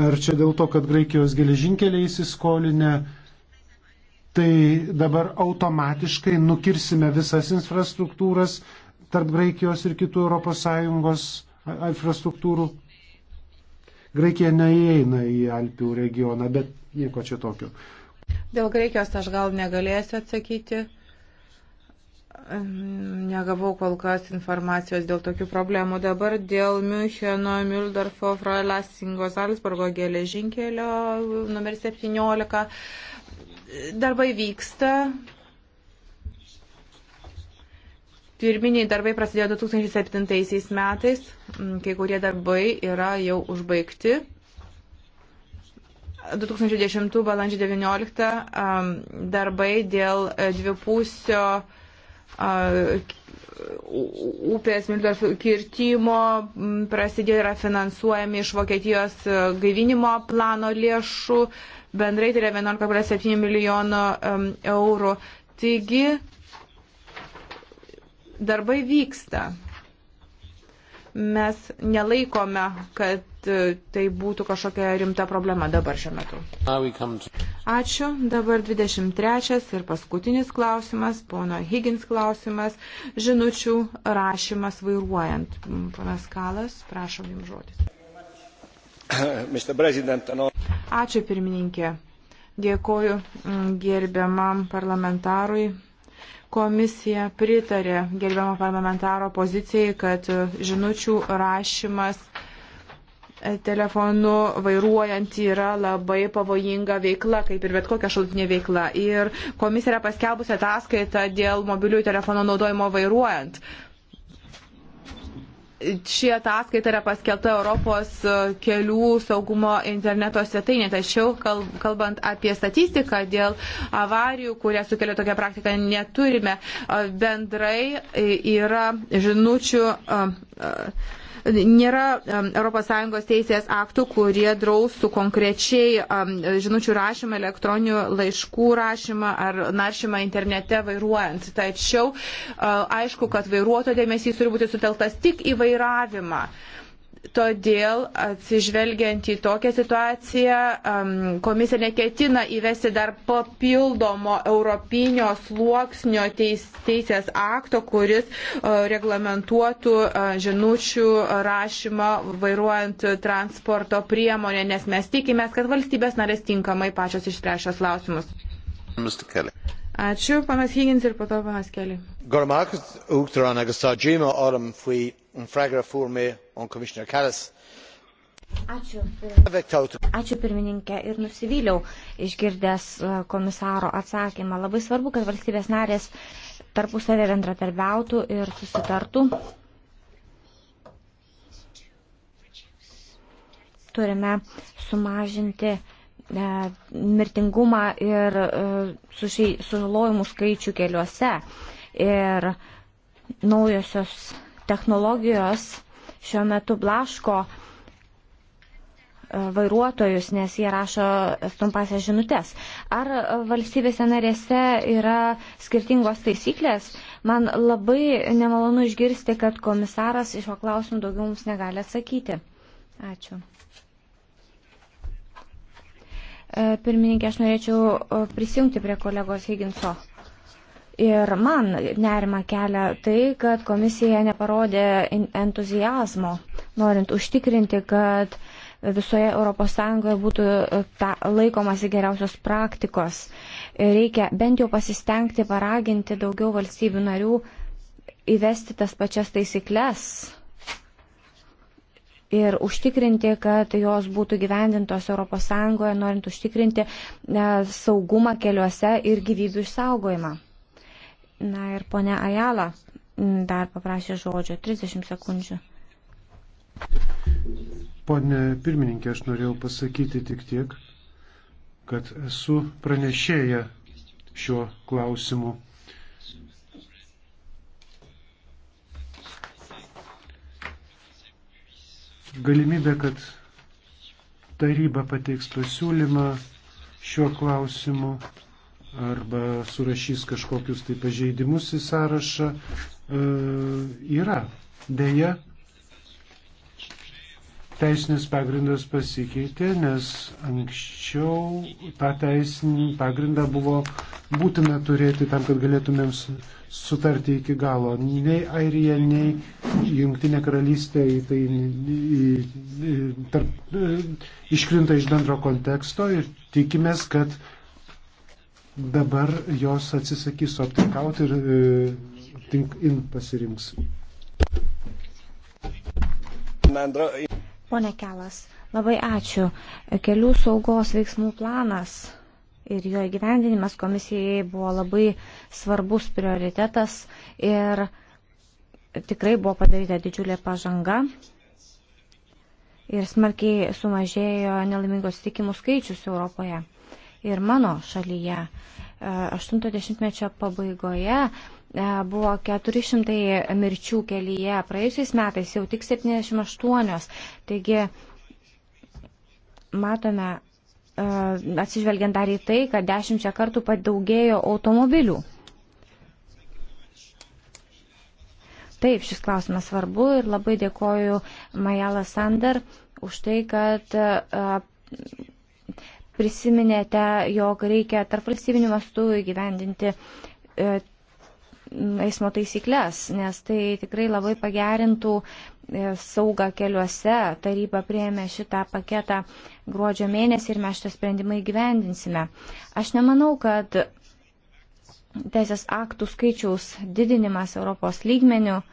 Ar čia dėl to, kad Graikijos geležinkeliai įsiskolinę, tai dabar automatiškai nukirsime visas infrastruktūras tarp Graikijos ir kitų ES infrastruktūrų? Graikija neįeina į Alpių regioną, bet nieko čia tokio. Dėl Graikijos aš gal negalėsiu atsakyti Negavau kol kas informacijos dėl tokių problemų. Dabar dėl Müncheno, Mildorfo, Freilasingo, Salzburgo geležinkelio numeris 17 darbai vyksta. Pirminiai darbai prasidėjo 2007 metais, kai kurie darbai yra jau užbaigti. 2010 balandžio 19 darbai dėl dvipusio upės Mildorf kirtimo prasidėjo yra finansuojami iš Vokietijos gaivinimo plano lėšų, bendrai tai yra 11,7 milijono eurų. Taigi darbai vyksta. Mes nelaikome, kad E, tai būtų kažkokia rimta problema dabar šiuo metu. Ačiū. Dabar 23 ir paskutinis klausimas, pono Higgins klausimas, žinučių rašymas vairuojant. Mm, Panas Kalas, prašom jums žodis. Ačiū pirmininkė. Dėkoju mm, gerbiamam parlamentarui komisija pritarė gerbiamo parlamentaro pozicijai, kad e, žinučių rašymas telefonu vairuojant yra labai pavojinga veikla, kaip ir bet kokia šalutinė veikla. Ir komisija yra paskelbusi ataskaitą dėl mobiliųjų telefonų naudojimo vairuojant. Ši ataskaita yra paskelbta Europos kelių saugumo interneto svetainė, tačiau kalbant apie statistiką dėl avarijų, kurią sukelia tokia praktika, neturime. Bendrai yra žinučių. Uh, uh, Nėra ES teisės aktų, kurie draustų konkrečiai žinučių rašymą, elektroninių laiškų rašymą ar naršymą internete vairuojant. Tačiau e, aišku, kad vairuoto dėmesys turi būti suteltas tik į vairavimą. Todėl, atsižvelgiant į tokią situaciją, komisija neketina įvesti dar papildomo europinio sluoksnio teis, teisės akto, kuris reglamentuotų žinučių rašymą vairuojant transporto priemonę, nes mes tikimės, kad valstybės narės tinkamai pačios išspręšios klausimus. Ačiū, panas Higgins ir po to panas Keli. Gormakas, Uktaran, Agastadžymo, Oram, Fui, Fragra, Furmi, on Commissioner Karas. Ačiū. E, ačiū pirmininkė ir nusivyliau išgirdęs e, komisaro atsakymą. Labai svarbu, kad valstybės narės tarpusavė bendratarbiautų ir susitartų. Turime sumažinti uh, E, mirtingumą ir e, sužalojimų skaičių keliuose. Ir naujosios technologijos šiuo metu blaško e, vairuotojus, nes jie rašo trumpasias žinutės. Ar valstybėse narėse yra skirtingos taisyklės? Man labai nemalonu išgirsti, kad komisaras iš jo klausimų daugiau mums negali atsakyti. Ačiū. E, pirmininkė, aš norėčiau e, prisijungti prie kolegos Higginso. Ir man nerima kelia tai, kad komisija neparodė entuzijazmo, norint užtikrinti, kad visoje ES būtų e, ta, laikomasi geriausios praktikos. Reikia bent jau pasistengti paraginti daugiau valstybių narių įvesti tas pačias taisyklės ir užtikrinti, kad jos būtų gyvendintos ES, norint užtikrinti e, saugumą keliuose ir gyvybių išsaugojimą. Na ir ponia Ajala dar paprašė žodžio 30 sekundžių. Pone pirmininkė, aš norėjau pasakyti tik tiek, kad esu pranešėję šiuo klausimu galimybė, kad taryba pateiks pasiūlymą šiuo klausimu arba surašys kažkokius tai pažeidimus į sąrašą, e, yra. Deja, teisinis pagrindas pasikeitė, nes anksčiau tą teisinį pagrindą buvo būtina turėti tam, kad galėtumėm sutartį iki galo. Nei Airija, nei Junktinė karalystė į tai į, į, tarp, e, iškrinta iš bendro konteksto ir tikimės, kad dabar jos atsisakys optikauti ir e, tink in pasirinks. Pone Kelas, labai ačiū. Kelių saugos veiksmų planas ir jo įgyvendinimas komisijai buvo labai svarbus prioritetas ir tikrai buvo padaryta didžiulė pažanga ir smarkiai sumažėjo nelaimingos tikimų skaičius Europoje. Ir mano šalyje 80-mečio e, pabaigoje e, buvo 400 mirčių kelyje, praėjusiais metais jau tik 78. Taigi matome, E, atsižvelgiant dar į tai, kad dešimčia kartų padaugėjo automobilių. Taip, šis klausimas svarbu ir labai dėkoju Majala Sander už tai, kad e, prisiminėte, jog reikia tarp valstybinių mastų įgyvendinti e, eismo taisyklės, nes tai tikrai labai pagerintų e, saugą keliuose. Taryba prieėmė šitą paketą gruodžio mėnesį ir mes šitą sprendimą įgyvendinsime. Aš nemanau, kad teisės aktų skaičiaus didinimas Europos lygmenių e,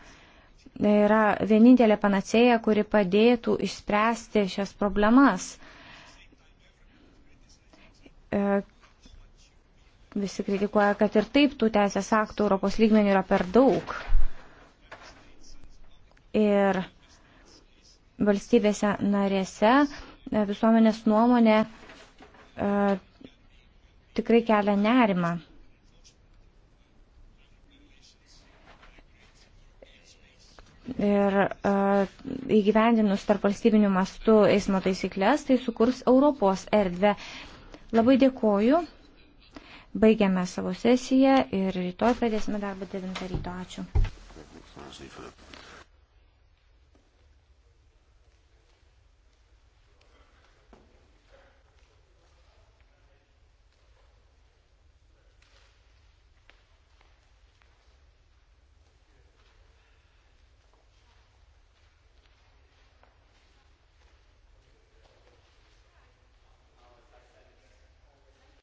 yra vienintelė panacėja, kuri padėtų išspręsti šias problemas e, Visi kritikuoja, kad ir taip tų teisės aktų Europos lygmenių yra per daug. Ir valstybėse narėse e, visuomenės nuomonė e, tikrai kelia nerimą. Ir e, įgyvendinus tarp valstybinių mastų eismo taisyklės, tai sukurs Europos erdvę. Labai dėkoju. Baigiame savo sesiją ir rytoj pradėsime darbą 9 ryto. Ačiū.